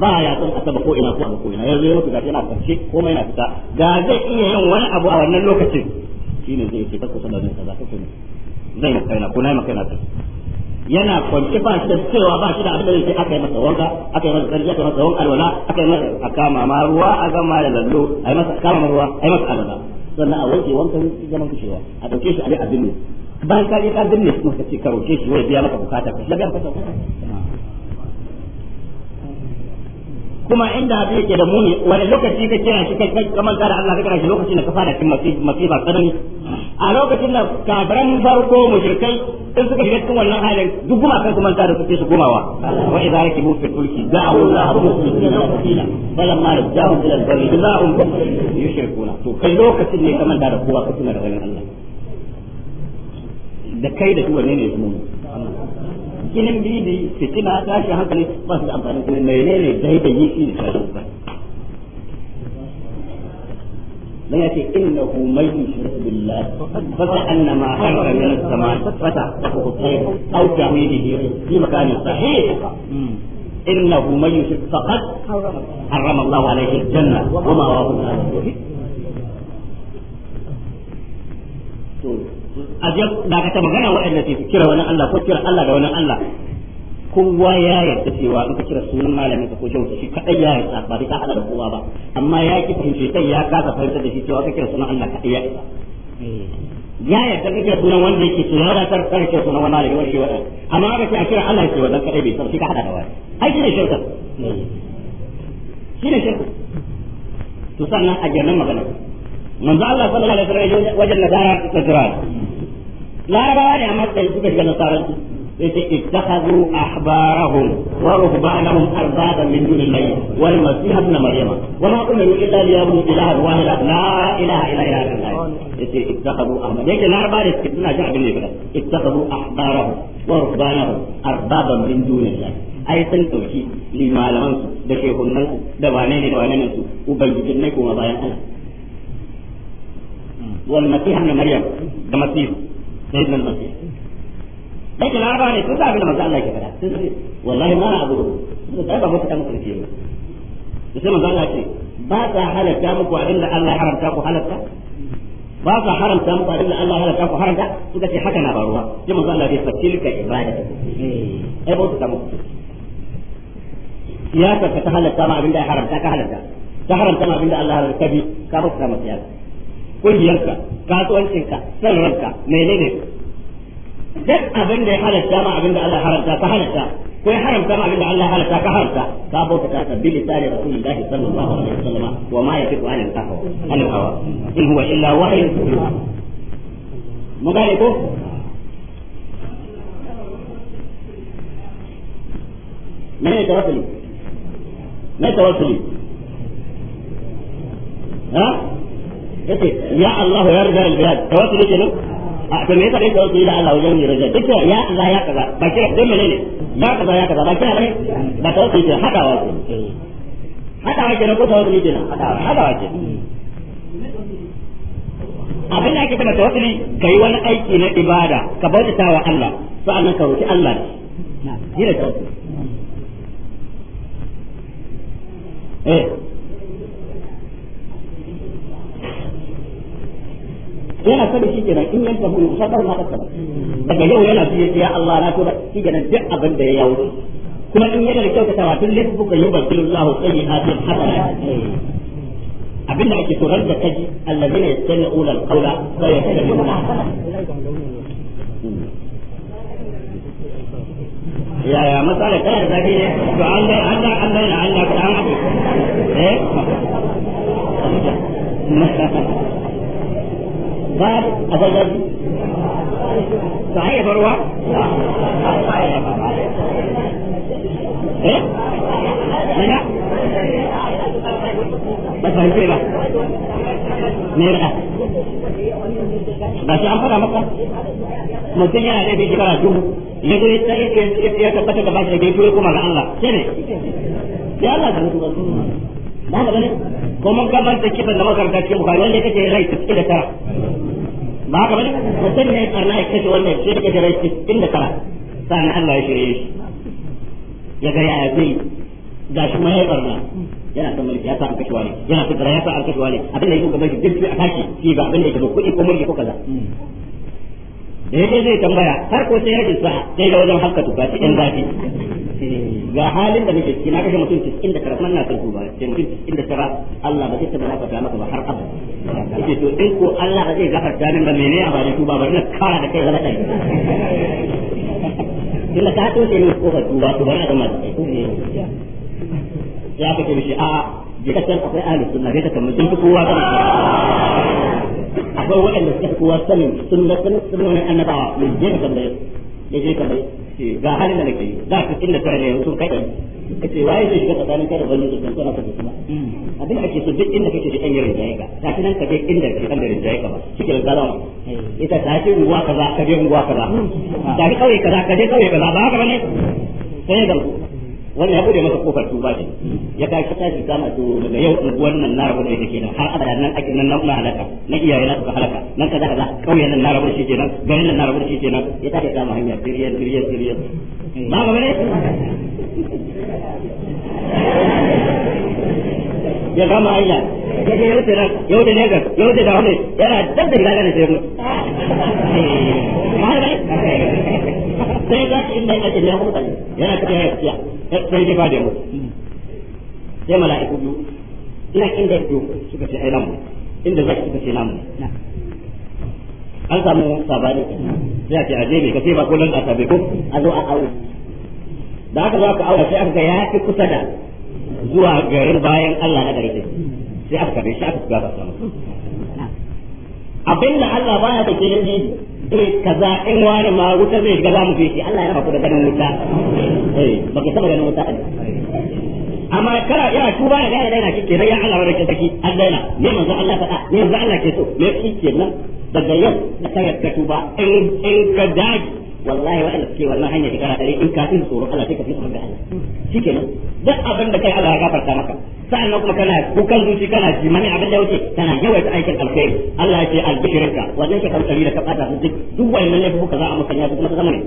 ba ya san a taba ko ina ko a ko ina yanzu ya mutu gashi yana kwanci ko mai na fita ga zai iya yin wani abu a wannan lokacin shine zai ce ta kusa da nan kaza ne zai makaina ko na makaina ta yana kwanci ba shi da cewa ba shi da abin da yake aka yi masa wanka aka yi masa sarki aka yi masa wanka alwala aka yi masa akama ma ruwa a gama da lallo a yi masa kama ruwa a yi masa alwala sannan a wanke wankan zaman kushewa a ɗauke shi a bi abin ne bayan ka je ka binne kuma ka ce ka roke shi wai biya maka bukata ka biya maka bukata kuma inda zai ke da muni wani lokaci ka kira shi kai kamar da Allah ka kira shi lokacin da ka fara cin masifa tsanani a lokacin da kafiran farko mushrikai in suka shiga cikin wannan halin duk kuma kan kuma da suke su gumawa wa idza rakibu fi fulki da'u Allah muslimina wasila falamma rajahum ila al-barri da'um yushrikuna to kai lokacin ne kamar da kowa ka tuna da wannan Allah da kai da kowa ne ne su muni jinin bidi fitina tashi hankali ba su da amfani da menene daidai yi shi ba dan billah ma harrama min as-samaa'i fatahu aw ta'midihi fi makanin sahih إنه من يشرك فقد a daga ta magana waɗanda ke kira wani Allah ko kira Allah da wani Allah kowa ya yarda cewa in ka kira sunan malamin ko jawta shi kadai ya yarda ba ka hada da kowa ba amma ya ki fahimce kai ya kasa fahimtar da shi cewa ka kira sunan Allah kadai ya isa ya yarda ka kira sunan wanda yake to ya ka kira sunan wani malami wani shi amma ka ce a kira Allah ya ce wadan kadai bai san shi ka hada da wani ai shi ne shirka hmm. shi ne shirka to nan a jannan magana manzo Allah sallallahu alaihi wasallam wajen nasara suka kira larabawa ne amma sai suka shiga nasara yace ittakhadhu ahbarahum wa ruhbanahum min dunillahi wal masih ibn maryama wa ma umiru illa liya'budu ilahan wahida la ilaha illa yace ittakhadhu larabawa ne suka suna ittakhadhu ahbarahum wa ruhbanahum min dunillahi ai dauki da shehunan da wane ne da wane ne su ubangijin ne kuma bayan Allah والمسيح ابن مريم ده مسيح سيدنا المسيح لكن العرب ne sun abin da manzo Allah ke fada sun ce wallahi ma na abu da sai ba muku ta muku ce ba sai manzo Allah ce ba ta halatta muku abin Allah haramta ku halatta ba ta haramta muku abin Allah halatta ku haramta suka ce haka na baruwa sai manzo Allah ya fatil ka ibada eh ba ta ka ta ma ka ta ma Allah kungiyarka kasuwancinka san ranka ne duk abin da ya halatta ma abin da Allah haramta ka halatta ko ya haramta ma abin da Allah halatta ka haramta ka bauta ta tabbi lisani rasulullahi sallallahu alaihi wasallam wa ma yafiqu an al-hawa an al-hawa in huwa illa wahyu mu gane ko menene tawassuli me tawassuli ha yace ya Allah ya riga al wasu yake kenan a to me yasa dai tawakkul da Allah wajen yarda duk ya Allah ya kaza ba kira dan menene ba kaza ya kaza ba kira ne ba tawakkul hada hadawa ke hadawa ke ko tawakkul ke hadawa ke abin da ake wasu tawakkuli kai wani aiki na ibada ka bauta wa Allah sa'annan ka roki Allah ne ta wasu eh yana sani shi kenan in yanka mu sha ta ma kasaba daga yau yana fiye ya Allah na tuba shi kenan duk abin da ya yawo kuma in yana da kyautatawa tun lafi buka yau ba kullu Allah sai ya hafi hasana abinda ake turar da kaji allazina yastami'una al-qawla fa yattabi'una ya matsala tana da zafi ne to an dai an da an dai an da an eh babu a gargaji ta hanyar barwa eh mana ba ta hanyar ba ne ba ba shi an fara maka mutum yana da bai jibara dubu ya zo ya tabbata da ba shi da ya turo kuma ga Allah sai ne sai Allah ta mutu ba da tara ba haka bane mutum ne karna ya kashe wannan sai da kashe rai inda tara sannan Allah ya shirye shi ya ga yaya zai ga shi ma ya barna yana son mulki ya sa an kashe wani yana son tsara ya sa an kashe wani abin da yake gaban shi duk a tashi shi ba abin da yake ba kuɗi ko mulki ko kaza da yake zai tambaya har ko sai ya rage sa sai da wajen hakka tuka cikin zafi ga halin da nake ciki na kashe mutum 99 na kan tuba sai mutum 99 Allah ba zai taba gafarta maka ba har abada yake to in ko Allah ba zai gafarta min ba menene a bare bari na kara da kai illa ka to sai ne ko ka tuba to bari ya kace a jika san akwai ahli sunna dai kamar sun kowa kan akwai waɗanda suka kowa sanin sunna sunna annabawa ne je ka tambaye ne je ka tambaye ce ga halin da nake yi za ka inda tare ne sun kai ka ce waye zai shiga tsakanin kai da wani da kan tsara ka kuma abin ake so duk inda kake da ɗanyar rinjaye ka ta ci ka je inda ke ɗanyar rinjaye ka ba shi ke zalawa ita ta ce ruwa kaza ka je ruwa kaza ta kauye kaza ka je kauye kaza ba haka bane sai ga wannan ya bude masa kofar tuba ne ya ta ka tashi kana to daga yau wannan na rabu da kenan har abada nan ake nan na halaka na iyaye na suka halaka nan kaza kaza kauye nan na rabu shi kenan garin nan na rabu shi kenan ya ta kama hanya siriyan siriyan siriyan ba ga bane ya kama hanya ya yau da yau da Lagos yau da Dahomey yana dan da gidan ne sai mu ma ba sai ga inda yake ne yana tafiya sai dai ba mu sai mala'iku biyu ina inda biyu suka ce ai lamu inda zaki suka ce lamu an samu sabani ce aje ne ka ba ko nan ko a da aka zo aka aure sai aka ga ya fi kusa da zuwa garin bayan Allah na gari sai aka shi aka Allah baya da eh kaza in wani ma zai shiga zamu mu Allah ya rafa da ganin wuta eh saba ganin wuta amma tuba da daina kike rai Allah barka saki an daina ne manzo Allah ne manzo Allah ke so ne kike nan daga yau da kai tuba in in ka wallahi wa'anda suke wannan hanya shekara dare in ka tsira tsoro Allah sai ka tsira da Allah shi kenan duk abin da kai Allah ya gafarta maka sa'annan kuma kana kukan zuci kana ji mani abin da yake kana yawaita aikin alkhairi Allah ya ce albishirinka wajen shekaru ɗari da ka fata su duk duk wa'annan ne kuka za a maka ya kuma zama ne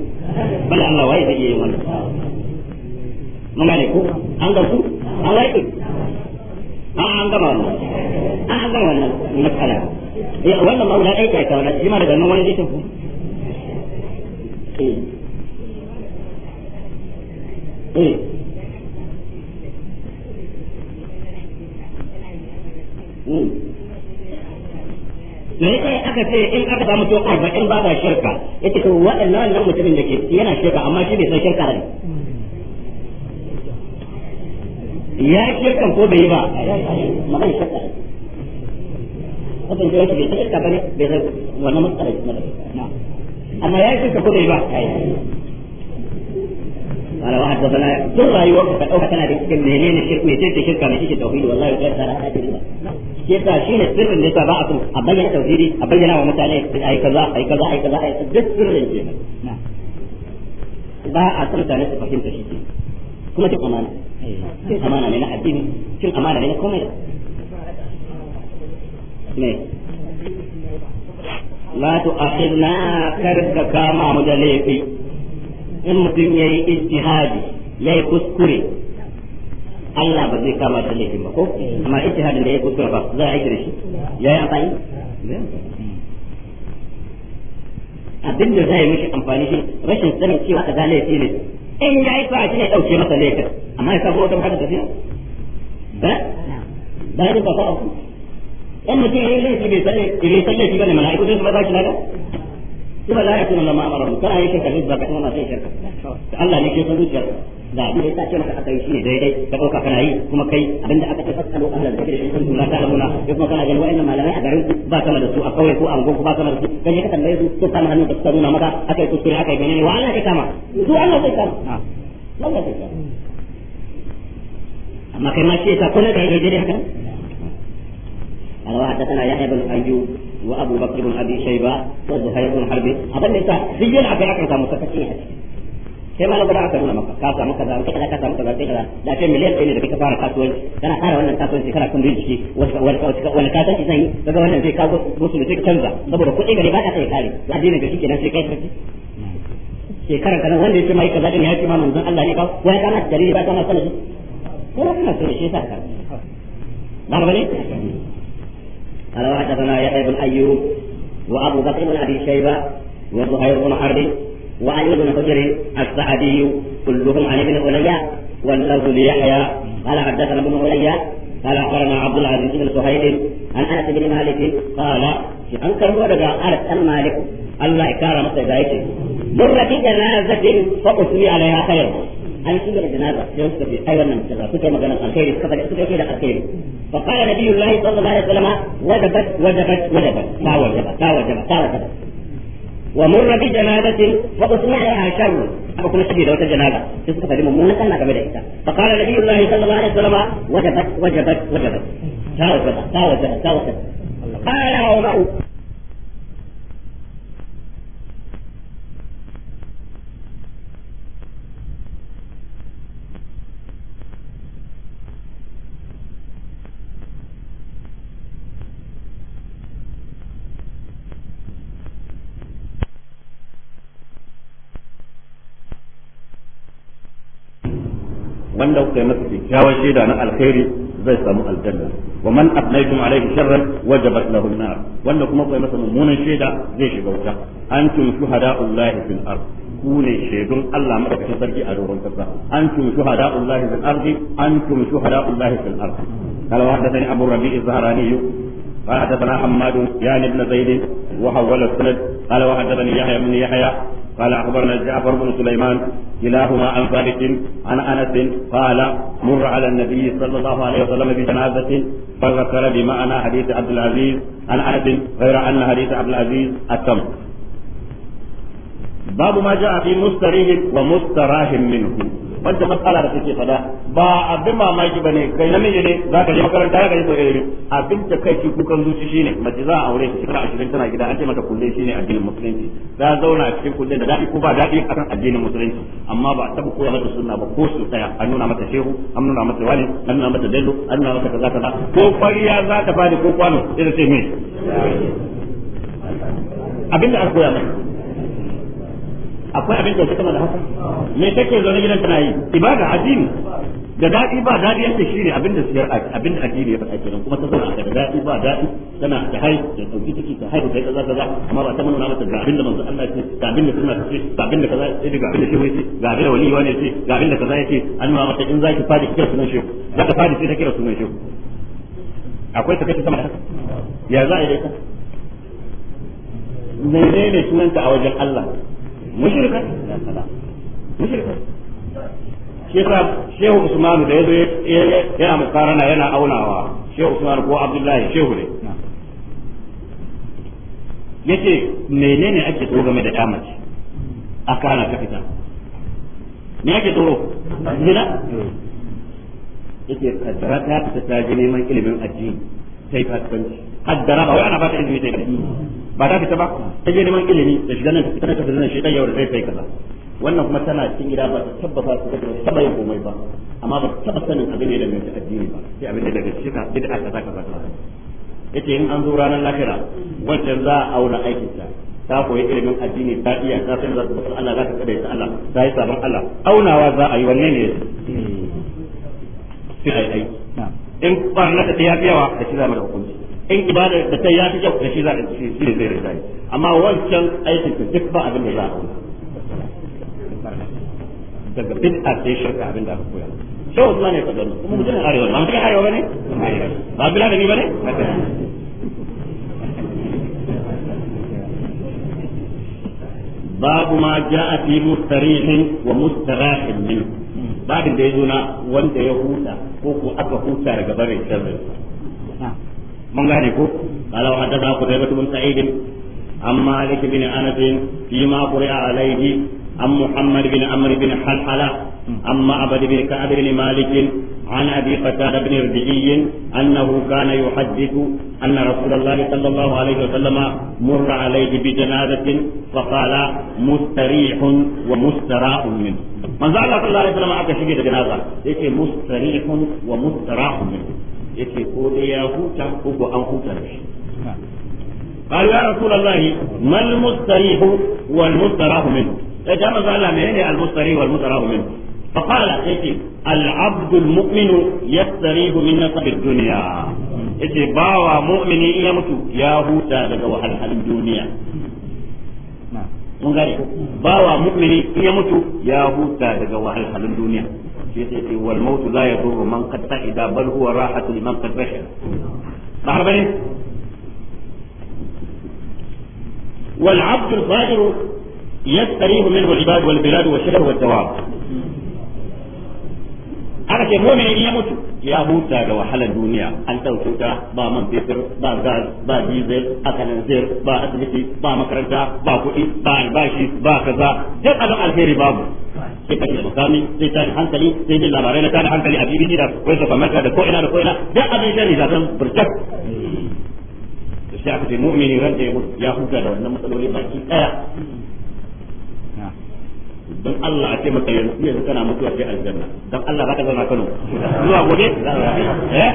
bala Allah waye zai iya yin wannan mun gane ku an ga ku an waye an gama wannan an gama wannan matsala eh, wannan maula aika aika wannan shi ma daga nan wani zai tafi eh eh me yasa aka ce in aka samu to arba'in ba ba shirka yace to waɗannan wannan mutumin da ke yana shirka amma shi bai san shirka ne ya shirka ko bai yi ba magana shirka ne wannan bai shirka bane bai san wannan matsalar ne amma ya yi ko bai ba a yi wa hadda قال وحدثنا سر ka dauka كان da cikin menene shirku ne sai shirka ne shi tauhidi wallahi kai tsara hadiri ba shi yasa shi ne sirrin da yasa ba a a bayyana tauhidi a bayyana wa mutane ai kaza ai kaza ai kaza ai duk sirrin ke ba a san tare su fahimta shi kuma cin amana cin amana ne na addini cin amana ne na komai ne la tu'akhirna karka kama mu da laifi in mutum yayi ijtihadi yayi kuskure Allah ba zai kama da laifin ba ko amma ijtihadin da yayi kuskure ba za a yi da shi yayi amfani abin da zai mishi amfani shi rashin sanin cewa kaza laifi ne in ya yi sa'a shi ne dauke masa laifin amma ya sa ko wata magana tafiya ba ba da ba ba dan mutum yayin laifi bai sani bai san laifi bane mala'iku sai su ba shi su ba la yakun Allah ma amara mu kana shirka kalli zaka kuma sai shirka Allah ne ke san zuciyar da abin da ce maka akai shine daidai ka dauka kana yi kuma kai abinda aka ce fasalo fasalu ahlal zikri in kuntum ta ta'lamuna ya kuma kana ganin wa'annan malamai a garin ba sama da su a kauye ko a gon ku ba sama da su dan ka tambaye su ko kana hannu da su nuna maka akai kuskure akai menene wa Allah ya kama su Allah zai kama ha ah. Allah zai kama amma kai ma ce ta kuna da daidai haka وحدثنا يحيى بن ايوب وابو بكر بن ابي شيبه وزهير بن حرب اظن انت سجل اكل اكل كان متفقين sai ma labar aka nuna maka ka samu kaza sai kaza da ce miliyan ɗaya ne da fara kasuwanci kana fara wannan kasuwanci kana wani yi daga wannan zai musu da canza saboda kuɗi gari ba ta sai kare da addinin da shike nan sai kai sarki shekaran kana wanda ya ce mai kaza din ya ce ma manzon Allah ne ka wai kana dalili ba kana sanin ko kana shi ka ba ba ne قال وحدثنا يحيى بن ايوب وابو بكر بن ابي شيبه وزهير بن حرب وعلي بن حجر السعدي كلهم عن ابن عليا واللفظ ليحيى قال حدثنا ابن عليا قال اخبرنا عبد العزيز بن سهيل عن انس بن مالك قال انكر ودقا انس بن مالك الله يكرمك ذلك مرة جنازة فأثني عليها خير an kula da janaza sai suka ce ai wannan kaza suka magana alkhairi suka faɗi suka yi da alkhairi fa qala nabiyullahi sallallahu alaihi wasallam wajabat wajabat wajabat ta wajaba ta wajaba ta wajaba wa murra bi janabatin wa usma'a sharru aka kuma sabi da wata janaza sai suka faɗi mummunan kana game da ita fa qala nabiyullahi sallallahu alaihi wasallam wajabat wajabat wajabat ta wajaba ta wajaba ta wajaba qala wa wanda kuka yi masa kyakkyawan shaida na alkhairi zai samu aljanna wa man afnaytum alayhi sharran wajabat lahu an-nar wanda kuma kuka yi masa mummunan shaida zai shiga wuta antum shuhada'ullahi fil ard ku ne shaidun Allah madaukakin sarki a doron kasa antum shuhada'ullahi fil ard antum shuhada'ullahi fil ard قال وحدثني أبو الربيع الزهراني قال حدثنا حماد يعني بن زيد وحول السند قال وحدثني يحيى بن يحيى قال اخبرنا جعفر بن سليمان كلاهما عن ثابت عن انس قال مر على النبي صلى الله عليه وسلم بجنازه فذكر بمعنى حديث عبد العزيز عن انس غير ان حديث عبد العزيز اتم باب ما جاء في مستريح ومستراح منه wanda matsala da take fada ba abin mamaki ba ne kai namiji ne za ka je makaranta ya gaji sauye ne abin da kai kukan zuci shi ne mace za a aure shi shekara ashirin tana gida an ce maka kulle shi ne addinin musulunci za a zauna a cikin kulle da daɗi ko ba daɗi kan addinin musulunci amma ba a taɓa koya mata sunna ba ko su tsaya an nuna mata shehu an nuna mata wani an nuna mata dello an nuna mata kaza kaza ko kwariya za ta bada ko kwano sai da ce me abinda aka koya mata akwai abin da kuma da haka me take zo na gidan tana yi ibada addini da dadi ba dadi yake shine abin da siyar abin da addini ya faɗa kenan kuma ta zama da dadi ba dadi tana da hai da dauki take ta hai da kai kaza kaza amma ba ta nuna mata ga abin da manzo Allah ya ce ga abin da sunna ce ga abin da kaza ya ce ga abin da shehu ya ce ga abin da wali wani ya ce ga abin da kaza ya ce an nuna mata in zaki fadi kira sunan shehu zaka fadi sai ta kira sunan shehu akwai ta kace sama da haka ya za a yi dai ka menene sunanta a wajen Allah mushrika ya salam mushrika shi shehu usmanu da yazo yana mukarana yana aunawa shehu usmanu ko abdullahi shehu ne yace menene ake tsoro game da damace a kana ka fita me ake tsoro zina yace kaddara ta fita ta je neman ilimin addini sai fasikanci kaddara ba wai ana ba ta ilimi sai ba ta fita ba ta je neman ilimi da shiga nan ta fita ta fita nan shaitan yau da zai sai kaza wannan kuma tana cikin gida ba ta tabbata su kace taba yin komai ba amma ba ta taba sanin abin da ya danganci addini ba sai abin da daga cikin bid'a kaza kaza kaza yace in an zo ranar lahira wancan za a auna aikinta ta koyi ilimin addini ta iya ta san za ta bar Allah za ta kada ta Allah ta yi sabon Allah aunawa za a yi wanne ne sai ai ai in barna ta yafi yawa a ci zama da hukunci in ibada da kai ya fi kyau da shi za ka shi ne zai rinjaye amma wancan aikin su duk ba abin da za a wuce daga a sai shirka abin da aka koya shi wasu ne ka gano kuma mutumin arewa ba mutumin arewa ne ba bila da ni bane babu ma a fi mustarihin wa mustarahin min babin da ya zo na wanda ya huta ko ko aka huta daga barin shirin mun gane ko قال وحدثنا قتيبة بن سعيد عن مالك بن أنس فيما قرئ عليه عن محمد بن عمرو بن حلحلة عن معبد بن كعب بن مالك عن أبي قتادة بن ربيعي أنه كان يحدث أن رسول الله صلى الله عليه وسلم مر عليه بجنازة فقال مستريح ومستراح منه من زعل صلى الله عليه وسلم أكشفية جنازة يقول مستريح ومستراح منه yake ko da ya huta ko ko an huta da shi قال يا رسول الله ما المستريح والمستراح منه فجاء قال ما هي المستريح والمستراح منه فقال سيتي العبد المؤمن يستريح من نصب الدنيا yace bawa mu'mini ya mutu ya huta daga wahalhalin duniya mun gane bawa mu'mini ya mutu ya huta daga duniya والموت لا يضر من قد تعب بل هو راحة لمن قد بشر صح بني والعبد الظاهر يستريه منه العباد والبلاد والشجر والدواب هذا أنا مؤمن يعني يموت ya huta da wahalar duniya an ɗauke ta ba man fetur ba gas ba diesel aka nan ba asibiti ba makaranta ba kuɗi ba albashi ba kaza duk abin alheri babu sai kake da makami sai ta da hankali sai da labarai na ta da hankali a bibi da wai da kamar da ko ina da ko ina duk abin shari da kan burjak sai aka ce mu'mini ran da ya huta da wannan matsaloli baki daya don Allah a ce maka yanzu yanzu kana mutuwa sai aljanna don Allah za ka zauna Kano zuwa gobe eh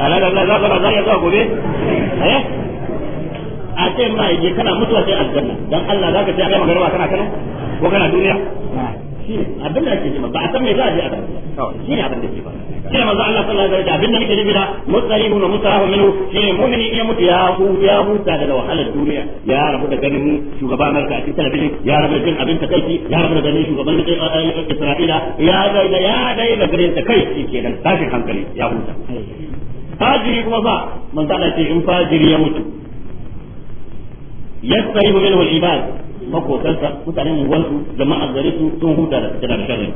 ala da za ka ya zuwa gobe eh a ce mai je kana mutuwa sai aljanna don Allah za ka ce kai magarwa kana Kano ko kana duniya abin da ake jima ba a san me za a je a kawai shi ne abin da ke ba shi ne manzo Allah sallallahu alaihi wasallam abin da nake nufi da musalimu na musahu minhu shi ne mu'mini ya mutu ya hu ya huta daga wahalar duniya ya rabu da ganin shugaban Amurka a cikin talabijin ya rabu da jin abin takaici ya rabu da ganin shugaban Isra'ila ya daina ya daina ganin takaici kenan tashin hankali ya huta fajiri kuma ba manzo Allah ce in fajiri ya mutu yasrihu minhu al-ibad makotansa mutanen unguwarsu jama'a gare su sun huta da fitina da sharri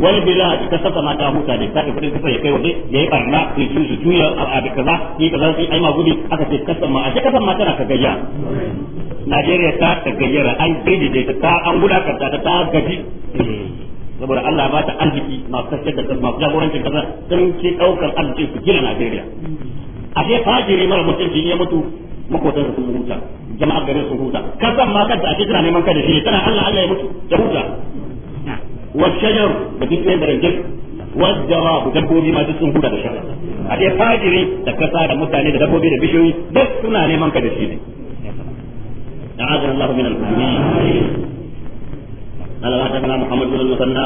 wani bila ta saka mata huta da sake kudin kusa ya kai waje ya yi barna ya ci su juya a abu kaza ni kaza sai ai ma gudu aka ce kasan ma a ce kasan ma na ka gayya Najeriya ta ta gayyara an gidi da ta an gudakar ta ta gaji saboda Allah ba ta arziki masu tafiyar da ta masu jagorancin kasa sun ce daukar arziki su gina Najeriya a ce fajiri mara mutunci ya mutu makotan sun huta jama'a gare sun huta ka san ma kanta ake kira neman kada shi tana Allah Allah ya mutu ta huta wa shajar da duk ɗaya baranje wa jarabu dabbobi ma duk sun huta da shajar a dai fajiri da kasa da mutane da dabbobi da bishiyoyi duk suna neman kada shi ne أعاذنا الله من الكفرين قال حدثنا محمد بن المثنى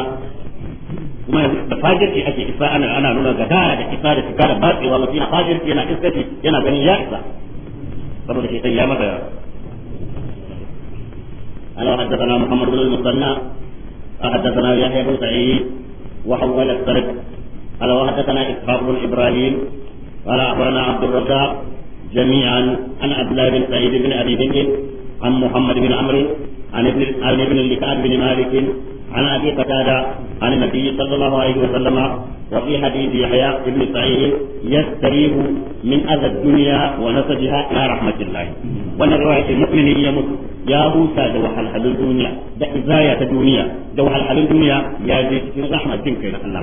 kuma da fajirci ake isa ana ana nuna gadara da isa da shiga da batsewa mutum fajirci yana iskaci yana ganin ya isa قبل في ya قال وحدثنا محمد بن المثنى حدثنا يحيى بن سعيد وحول السرد قال وحدثنا اسحاق بن ابراهيم قال اخبرنا عبد الرزاق جميعا عن عبد الله بن سعيد بن ابي بن عن محمد بن عمرو عن ابن عن ابن بن مالك عن ابي قتاده عن النبي صلى الله عليه وسلم وفي حديث يحيى بن سعيد يستريح من اذى الدنيا ونسجها الى رحمه الله وانا روايه المؤمن يموت يا موسى دو حلحل الدنيا ده ازايا الدنيا دو حلحل الدنيا يا زيد في رحمه تنكر الله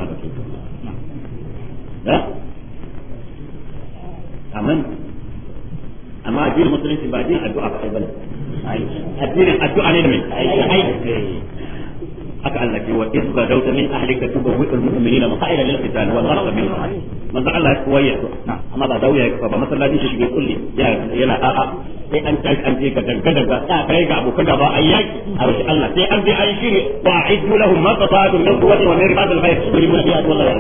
ها amin amma addinin musulunci ba addinin addu'a ba bane addinin addu'a ne mai aiki أكعل لك وإذ غدوت من أهلك تبوئ المؤمنين مقاعدة للقتال والغرض من الرحيم manzo Allah ya koyi addu'a amma ba dawo ya kafa ba masallaci shi shige kulle yana a'a sai an tashi an je ga dangadaga ta kai ga abokan gaba a yaki a rashi Allah sai an je an shiri wa aidu lahum ma qata'atun min quwwati wa min ribatil khayr yulimuna biha wallahi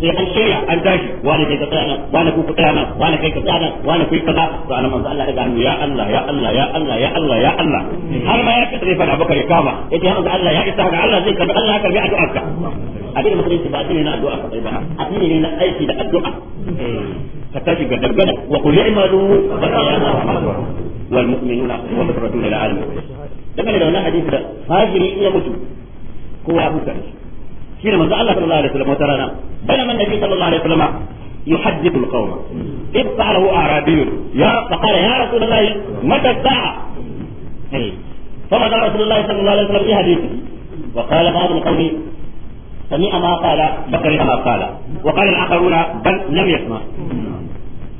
sai an shirya an tashi wani kai ka tsaya wani ku tsaya nan wani kai ka tsaya nan wani kai kaza to anan manzo Allah daga hannu ya Allah ya Allah ya Allah ya Allah ya Allah har ma ya kace fa Abubakar ya kama yace Allah ya isa ga Allah zai karbi Allah ya karbi addu'arka abin da musulunci ba addini na addu'a kadai ba addini ne na aiki da addu'a ka tashi ga gargada wa kulli amalu fa sayara wal mu'minuna wa mutarratun ila alim daga da wannan hadisi da hajiri iya mutu kowa abu kan shi ne manzo Allah sallallahu alaihi wasallam wata rana bayan annabi sallallahu alaihi wasallam يحدث القوم إذ سأله أعرابي يا فقال يا رسول الله متى الساعة؟ فماذا رسول الله صلى الله عليه وسلم في حديثه وقال بعض القوم سمع ما قال فكره ما قال وقال الآخرون بل لم يسمع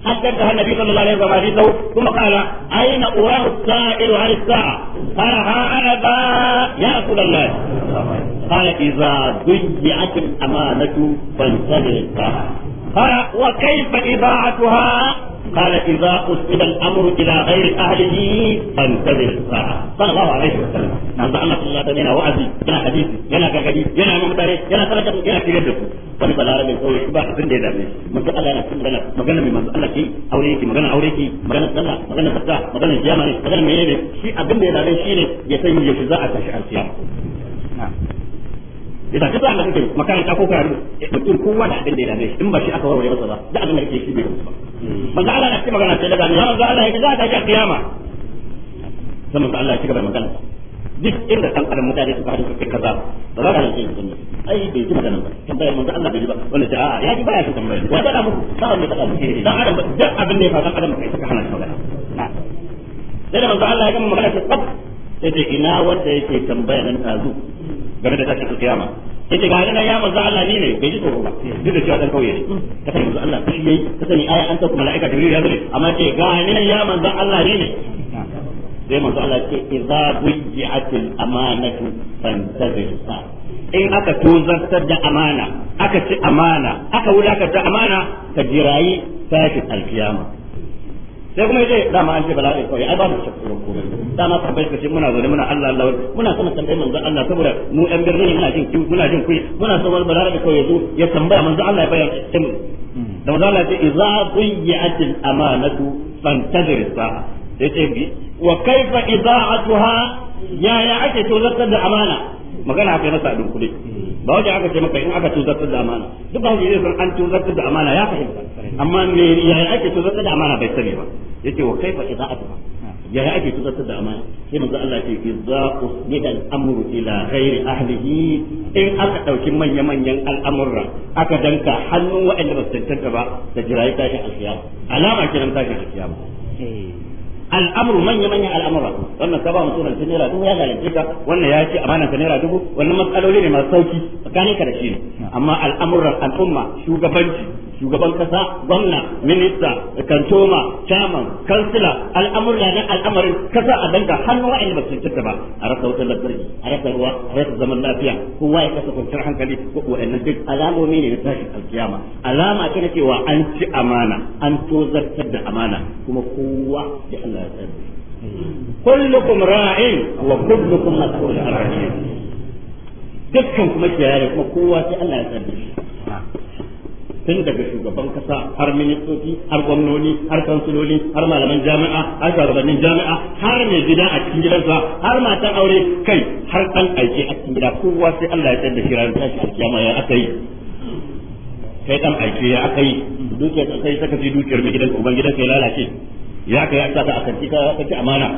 حتى انتهى النبي صلى الله عليه وسلم حديثه ثم قال أين أراه السائل عن الساعة قال ها أنا با يا رسول الله قال إذا ضيعت الأمانة فانتظر الساعة قال وكيف إضاعتها قال إذا الأمر إلى غير أهله فانتظر الساعة صلى الله عليه وسلم نعم أن الله عليه وعزي حديث ba abin da ya dame manzo Allah yana cikin magana magana mai manzo Allah aure magana aure magana magana magana ne shi ya dame shi ne ya yaushe za a tashi alkiyama idan duk Allah kake makaranta ko karatu mutum kowa da abin da in ba shi aka warware masa ba da abin da kake shi bai ba manzo Allah magana sai manzo Allah ya za ta ga kiyama sai manzo Allah ya magana duk inda kan mutane kai kaza ba za ka ai bai ji magana ba tambayar manzo Allah bai ji ba wanda ta a'a ya ji baya shi tambayar wa da adam abin da ya faɗa adam kai hana shi magana sai da manzo Allah ya magana ta ina wanda yake tambayar nan game da tashin kiyama yace ga nan ya manzo Allah ni ne bai ji tsoro ba duk da cewa dan kauye ne ka sani manzo Allah shi yayi ka sani aya an ta kuma malaika jibril ya zure amma ce ga nan ya manzo Allah ni ne sai manzo Allah ce idza bujiatil amanatu fantazir sa in aka tozartar da amana aka ci amana aka da amana ka jirayi tashin alkiyama sai kuma yace dama an ce bala ne kawai ai ba mu cikin komai dama fa bai kace muna gode muna Allah Allah muna sama tambayar manzon Allah saboda mu ɗan birni muna jin kiyu muna jin kuyi muna so wal bala ne kawai yazo ya tambaya manzon Allah ya bayyana cikin da manzon Allah ya ce idza qiyatil amanatu fantazir sa'a ce bi wa kaifa idaa'atuha ya ya ake to zakar da amana magana haka yana masa a dunkule ba wajen aka ce maka in aka tuzartar da amana duk ba zai san an tuzartar da amana ya fahimta amma me yaya ake tuzartar da amana bai sani ba yake wa kaifa idza'atuha yaya ake tuzartar da amana sai manzo Allah ce idza usnida al-amru ila ghairi ahlihi in aka dauki manya manyan al'amurra aka danka hannun wa'anda ba su tantance ba da jirayi tashin alkiyama alama kiran tashin alkiyama al'amru manya manyan al'amura wannan ka ba mu sunan naira dubu ya zalunce ka wannan ya ce amanan ka naira dubu wannan matsaloli ne masu sauki tsakanin ka da shi ne amma al'amuran al'umma shugabanci shugaban kasa gwamna minista kantoma chairman kansila al'amurra na al'amarin kasa a danka hannu wa'in ba sun cinta ba a rasa wutar lantarki a rasa ruwa a rasa zaman lafiya kowa ya kasa kwanciyar hankali ko wa'annan duk alamomi ne na tashin alkiyama alama ce na cewa an ci amana an tozartar da amana kuma kowa da Allah ya tsare kullukum ra'in wa kullukum mas'ulun an ra'iyatihi dukkan kuma kiyaye kuma kowa sai Allah ya tsare shi tun daga shugaban kasa har ministoci har gwamnoni har kansuloli har malaman jami'a har shugabannin jami'a har mai gida a cikin gidansa har matan aure kai har dan aiki a cikin gida kowa sai Allah ya tsada shi ran tashi alkiyama ya yi kai dan aiki ya akai dukiyar kai saka ji dukiyar mai gidan ubangidan gidanka lalace ya kai ya saka a kanti ka ci amana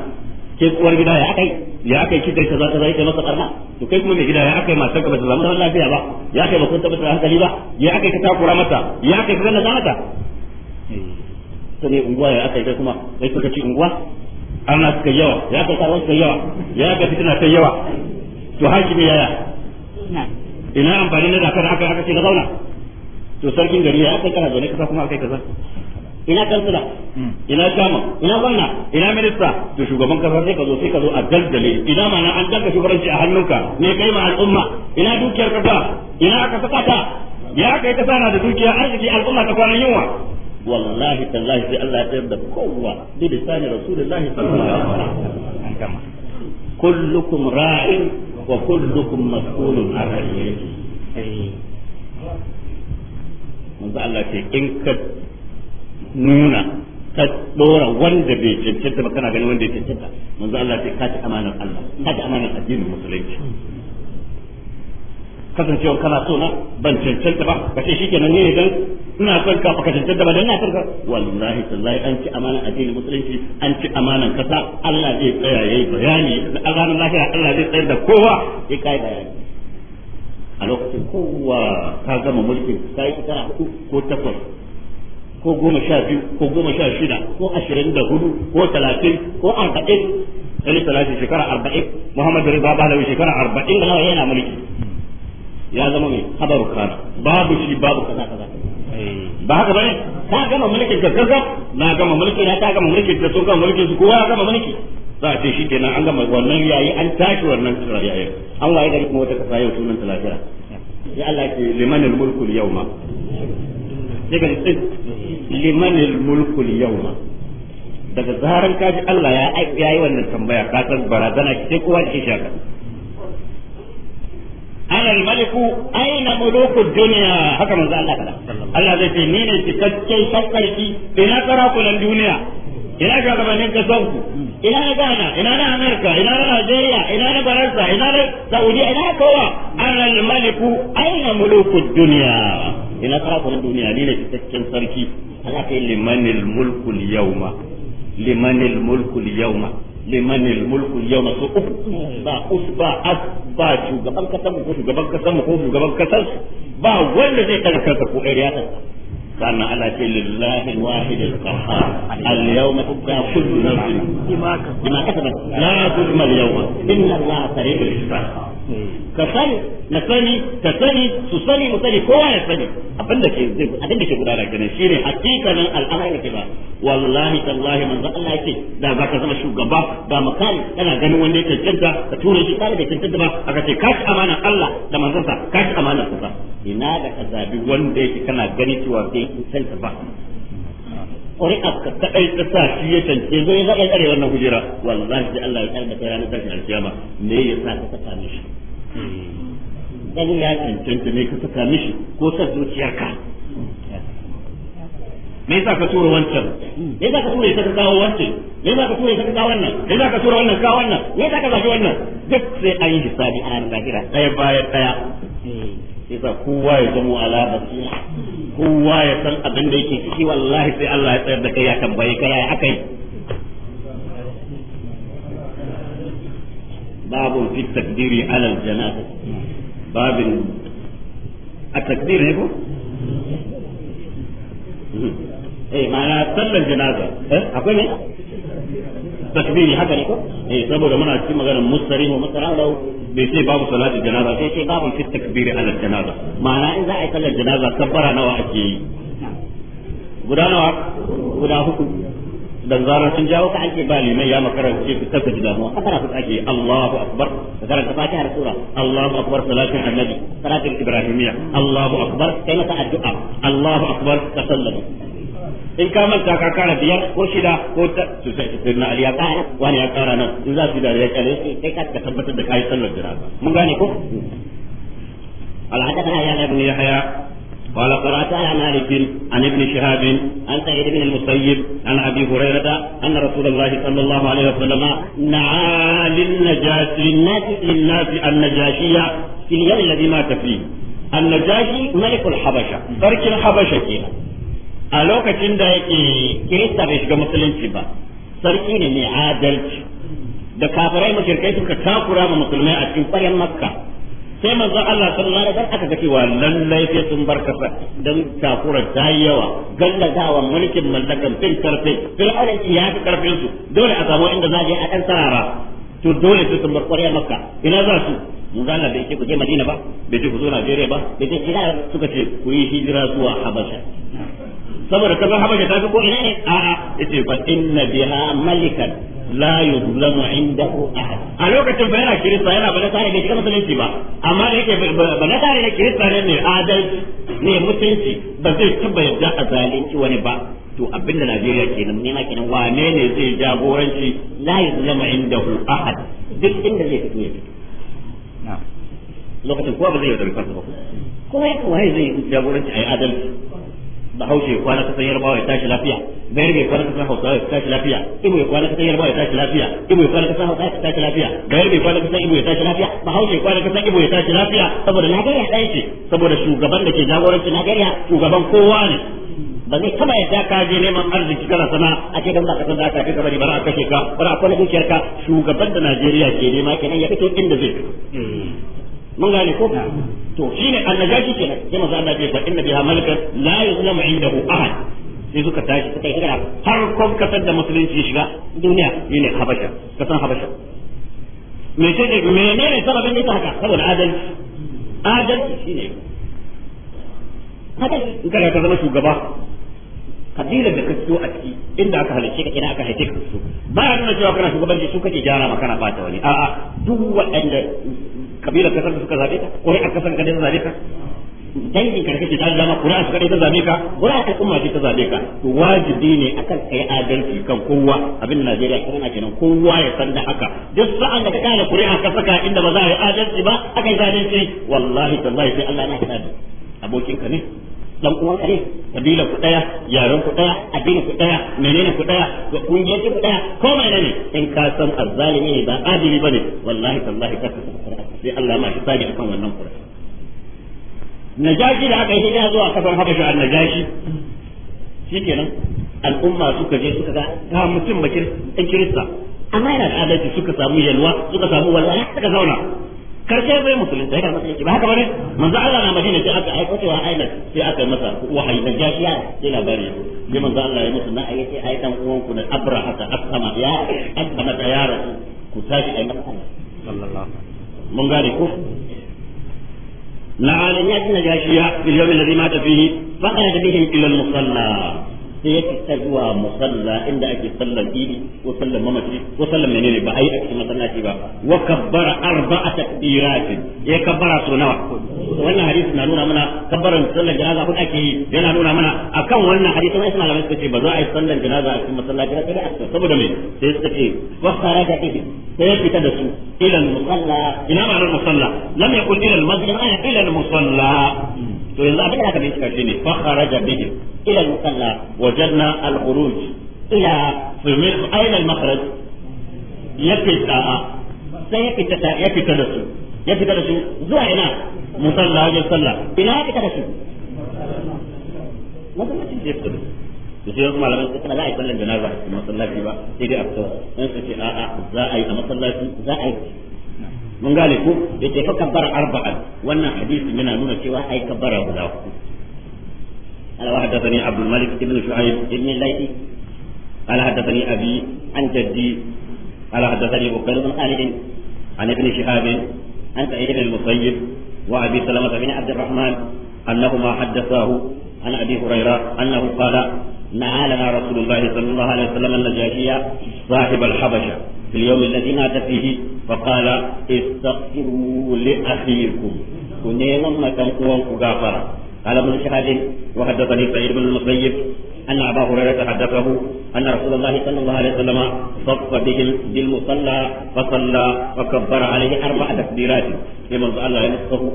ke kuwar gida ya akai ya akai kidar kaza kaza yake masa karna to kai kuma mai gida ya akai matar ka bata zama da lafiya ba ya akai matar tabbata da hankali ba ya akai ka takura mata ya akai ka ganna mata to eh, ne unguwa ya akai kai kuma kai suka ci unguwa ana suka yawa ya akai karuwa suka yawa ya akai fitina ta yawa to ne yaya ina amfani na da aka aka ce ka zauna to sarkin gari ya akai kana zaune kasa kuma akai kaza ina kansila hmm. ina kama ina gwamna ina minista to shugaban kasa sai ka zo sai ka zo a daldale ina mana an danka shugabanci a hannunka ne kai ma al'umma ina dukiyar kasa ina aka saka ta ya kai kasa na da dukiya arziki al'umma ta kwanan yunwa wallahi tallahi sai Allah ya tsayar da kowa bi lisani rasulullahi sallallahu alaihi wasallam kullukum ra'in wa kullukum mas'ulun an ra'iyatihi eh. manzo Allah ce in ka nuna ka dora wanda bai cancanta ba kana ganin wanda ya cancanta manzo Allah sai ka ci amanar Allah ka ci amanar addinin musulunci kasancewa kana so na ban cancanta ba ba sai shikenan ne dan ina son ka ka cancanta ba dan ina son ka wallahi tallahi an ci amanan addinin musulunci an ci amanan kasa Allah zai tsaya yayi bayani da azanin lahira Allah zai tsayar da kowa ya kai bayani a lokacin kowa ka gama mulkin sai ka hudu ko takwas ko goma sha biyu ko goma sha shida ko ashirin da hudu ko talatin ko arba'in ɗari talatin shekara arba'in muhammad riba balawi shekara arba'in da nawa yana mulki ya zama mai habaru kana babu shi babu kaza kaza ba haka bane ta gama mulkin ka kaza na gama mulki na ta gama mulki ta sun gama mulkin su kowa ya gama mulki za a ce shi kenan an gama wannan yayi an tashi wannan yayi an waye gari kuma wata kasa yau sunan talatin ya Allah ke liman al-mulku al-yawma daga limanil mulku yawma daga zaran kaji Allah ya yayi wannan tambaya ka san barazana ce kowa ke shaka ana maliku aina muluku duniya haka manzo Allah kada Allah zai ce ni ne cikakken sarki ina nan duniya ina ka kasan ku ina na Ghana ina na America ina na Nigeria ina na Faransa ina na Saudi ina kowa ana maliku aina muluku duniya ina nan duniya ni ne cikakken sarki kai limanil mulkul yawma limanil mulkul yawma limanil mulkul yawma su uku ba us ba as ba shugaban kasan ko shugaban kasan ko shugaban kasan ba wanda zai karkata ko ɗariya sannan Allah ce lillahi alwahid alqahhar al-yawma tubqa kullu nafsin bima kasabat la tuzma al-yawma inna Allah sari'ul hisab ka sani na sani ka sani su sani mu sani kowa ya sani da ke zai da ke gudana gane shine hakikanin al'amari ke ba wallahi tallahi manzo Allah yake da zaka zama shugaba da makami kana ganin wanda yake cinta ka tura shi kare da cinta ba aka ce kashi amana Allah da manzon sa kashi amana sa ina da ka zabi wanda yake kana gani cewa sai sosai ta ba ƙuri'a ka kaɗai ta sa shi ya tance zai ya zaɓa ƙare wannan hujira wallahi sai Allah ya karɓa ta ranar tashin alkiyama me ya sa ka saka mishi dan ya cancanta ne ka saka mishi ko sa zuciyarka me yasa ka tura wancan me yasa ka tura ita ka kawo wancan me yasa ka tura ita ka kawo wannan me yasa ka tura wannan ka wannan me yasa ka zafi wannan duk sai an yi hisabi a ranar lahira ɗaya bayan ɗaya yasa kowa ya zama ala kowa ya san abin da yake ciki wallahi sai Allah ya tsayar da kai ya tambaye ka yaya akai babu fi takdiri alal janaza babin a takdir ne ko hmm. eh ma'ana sallar janaza eh akwai ne takdiri haka ne ko eh saboda muna cikin maganar musari wa bai ce babu salatin janaza sai ce babu fit takbiri ala janaza ma'ana in za a yi sallar janaza kabbara nawa ake yi guda nawa guda huku dan zarar sun jawo ka ake ba limai ya makara ce ku tabbata da damuwa haka na ake Allahu akbar da karanta fatiha da sura Allahu akbar salatin annabi salatin ibrahimiyya Allahu akbar kai addu'a Allahu akbar ka sallama in ka manta ka kara biyar ko shida ko ta to sai sai na aliya kara wani ya kara nan in za su da ya kare sai ka ka tabbatar da kai sallar janaza mun gane ko الحدثنا يحيى بن يحيى قال قرأت عن مالك عن ابن شهاب عن سعيد بن المسيب عن أبي هريرة أن رسول الله صلى الله عليه وسلم نعى للنجاش للناس للناس النجاشية في اليوم الذي مات فيه النجاشي ملك الحبشة ترك الحبشة كينا a lokacin da yake kirista bai shiga musulunci ba sarki ne mai adalci da kafirai mashirkai suka takura ma musulmai a cikin ƙwaryar makka sai manzon Allah sallallahu alaihi wasallam aka ga cewa lallai sai sun bar kasa dan takura ta yi yawa galladawa mulkin mallakan fin karfe fir'auna ya fi karfin dole a samu inda za a je a dan sarara to dole sai sun bar ƙwaryar makka ina za su mun ga Allah bai ku Madina ba bai ce ku zo Najeriya ba bai ce ina suka ce ku yi hijira zuwa Habasha saboda ka san habasha ta fi ko ina ne a'a yace fa inna biha malikan la yuzlamu indahu ahad a lokacin fa yana kirista yana ba nasara da shiga musulunci ba amma da yake ba na nasara ne kirista ne mai adalci ne mutunci ba zai taba yadda a zalunci wani ba to abinda Najeriya kenan ne ma kenan wane ne zai jagoranci la yuzlamu indahu ahad duk inda zai fito ya fito lokacin kowa ba zai yi da kansa ba kuma ya kawai zai jagoranci a yi adalci bahaushe ya kwana kasan yarbawa ya tashi lafiya bayar bai kwana kasan hausawa ya tashi lafiya ibo ya kwana kasan yarbawa ya tashi lafiya ibo ya kwana kasan hausawa ya tashi lafiya bayar mai kwana kasan ibo ya tashi lafiya bahaushe ya kwana kasan ibo ya tashi lafiya saboda nagariya ɗaya ce saboda shugaban da ke jagoranci nagariya shugaban kowa ne ba zai taba yadda ka je neman arziki kana sana a ce dan ba ka san da ka bari bara a kashe ka bara a kwana dukiyar ka shugaban da Najeriya ke nema kenan ya fito inda zai mun gane ko to shine annajashi kenan sai manzo Allah ya ce inna biha malikan la yuzlamu indahu ahad sai suka tashi suka yi har kon kasar da musulunci ya shiga duniya habasha kasan habasha me ce ne ita haka saboda adalci adalci shine in kana ka zama shugaba kabilar da ka fito a ciki inda aka halice ka aka ka ba ya nuna cewa kana shugabanci su kake gyara ma kana wani a'a duk waɗanda kabilar kasar da suka zabe ka ƙuri'ar kasar ka ne ta zabe ka dangin ka kake tare dama ƙuri'ar su kadai ta zabe ka ƙuri'ar al'umma ce ta zabe ka to wajibi ne akan kai adalci kan kowa abin Najeriya kana kenan kowa ya san da haka duk sa'an da ka kana ƙuri'a ka saka inda ba za a yi adalci ba aka yi zalunci wallahi tallahi sai Allah na hada abokin ka ne dan uwan ne kabila ku daya yaran ku daya addini ku daya menene ku daya ga kungiyar ku daya ko menene in ka san azzalimi ba adili bane wallahi tallahi ka ta sai Allah ma shi sabi akan wannan kura najashi da aka yi hijira zuwa kafar habashi an najashi shikenan al'umma suka je suka ga ta mutum dan kirista amma yana da adalci suka samu yalwa suka samu wallahi suka zauna karshe zai musulunta ya karɓi musulunci ba haka bane manzo Allah na Madina sai aka aika cewa aina sai aka masa wahayi da jashiya sai labari ya ji manzo Allah ya mutu na ayyace ai dan uwan ku na Abra ka asama ya asama da yaro ku tashi ai masa sallallahu mun gane ko لعالم يأتي نجاشيا في اليوم الذي مات فيه فخرج بهم إلى المصلى sai ya fita zuwa musalla inda ake sallar idi ko sallar mamaci ko sallar menene ba a yi a cikin masallaci ba wa kabbara arba'a takbiratin ya kabbara so nawa wannan hadisi na nuna mana kabbaran sallar janaza ko ake yi yana nuna mana akan wannan hadisi mai suna suka ce ba za a yi sallar janaza a cikin masallaci ba kada a saboda me sai suka ce wa kharaja ihi sai ya fita da su ila musalla ina ma'anar musalla lam yakun ila al-masjid ila al-musalla to yanzu abin da aka bincika shine fa kharaja bihi ila al-musalla wajadna al-khuruj ila sumir ayna al-makhraj ya fita sai ya fita ya fita da su ya fita da su zuwa ina musalla wajen sallah ina ya fita da su masallacin da ya fita da su da sai wasu malamai suka za a yi sallan janaza a masallaci ba sai dai a fito in su ce a'a za a yi a masallaci za a yi mun gane ko ya ce arba'an wannan hadisi yana nuna cewa ai ka bara guda uku ala hadathani abdul malik في اليوم الذي مات فيه فقال استغفروا لأخيكم كنيما ما تنقوان كغافرا قال ابن شهاد وحدثني سعيد بن المسيب أن أبا هريرة حدثه أن رسول الله صلى الله عليه وسلم صف به بالمصلى فصلى وكبر عليه أربع تكبيرات لمن الله ينصفه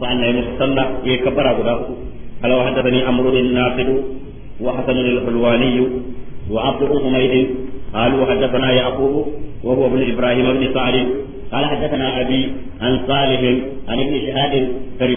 فأن ينصلى يكبر غداه قال وحدثني عمرو بن نافذ وحسن الحلواني وعبد بن حميد قالوا حدثنا يعقوب وهو ابن ابراهيم بن سعد قال حدثنا ابي عن صالح عن ابن شهاد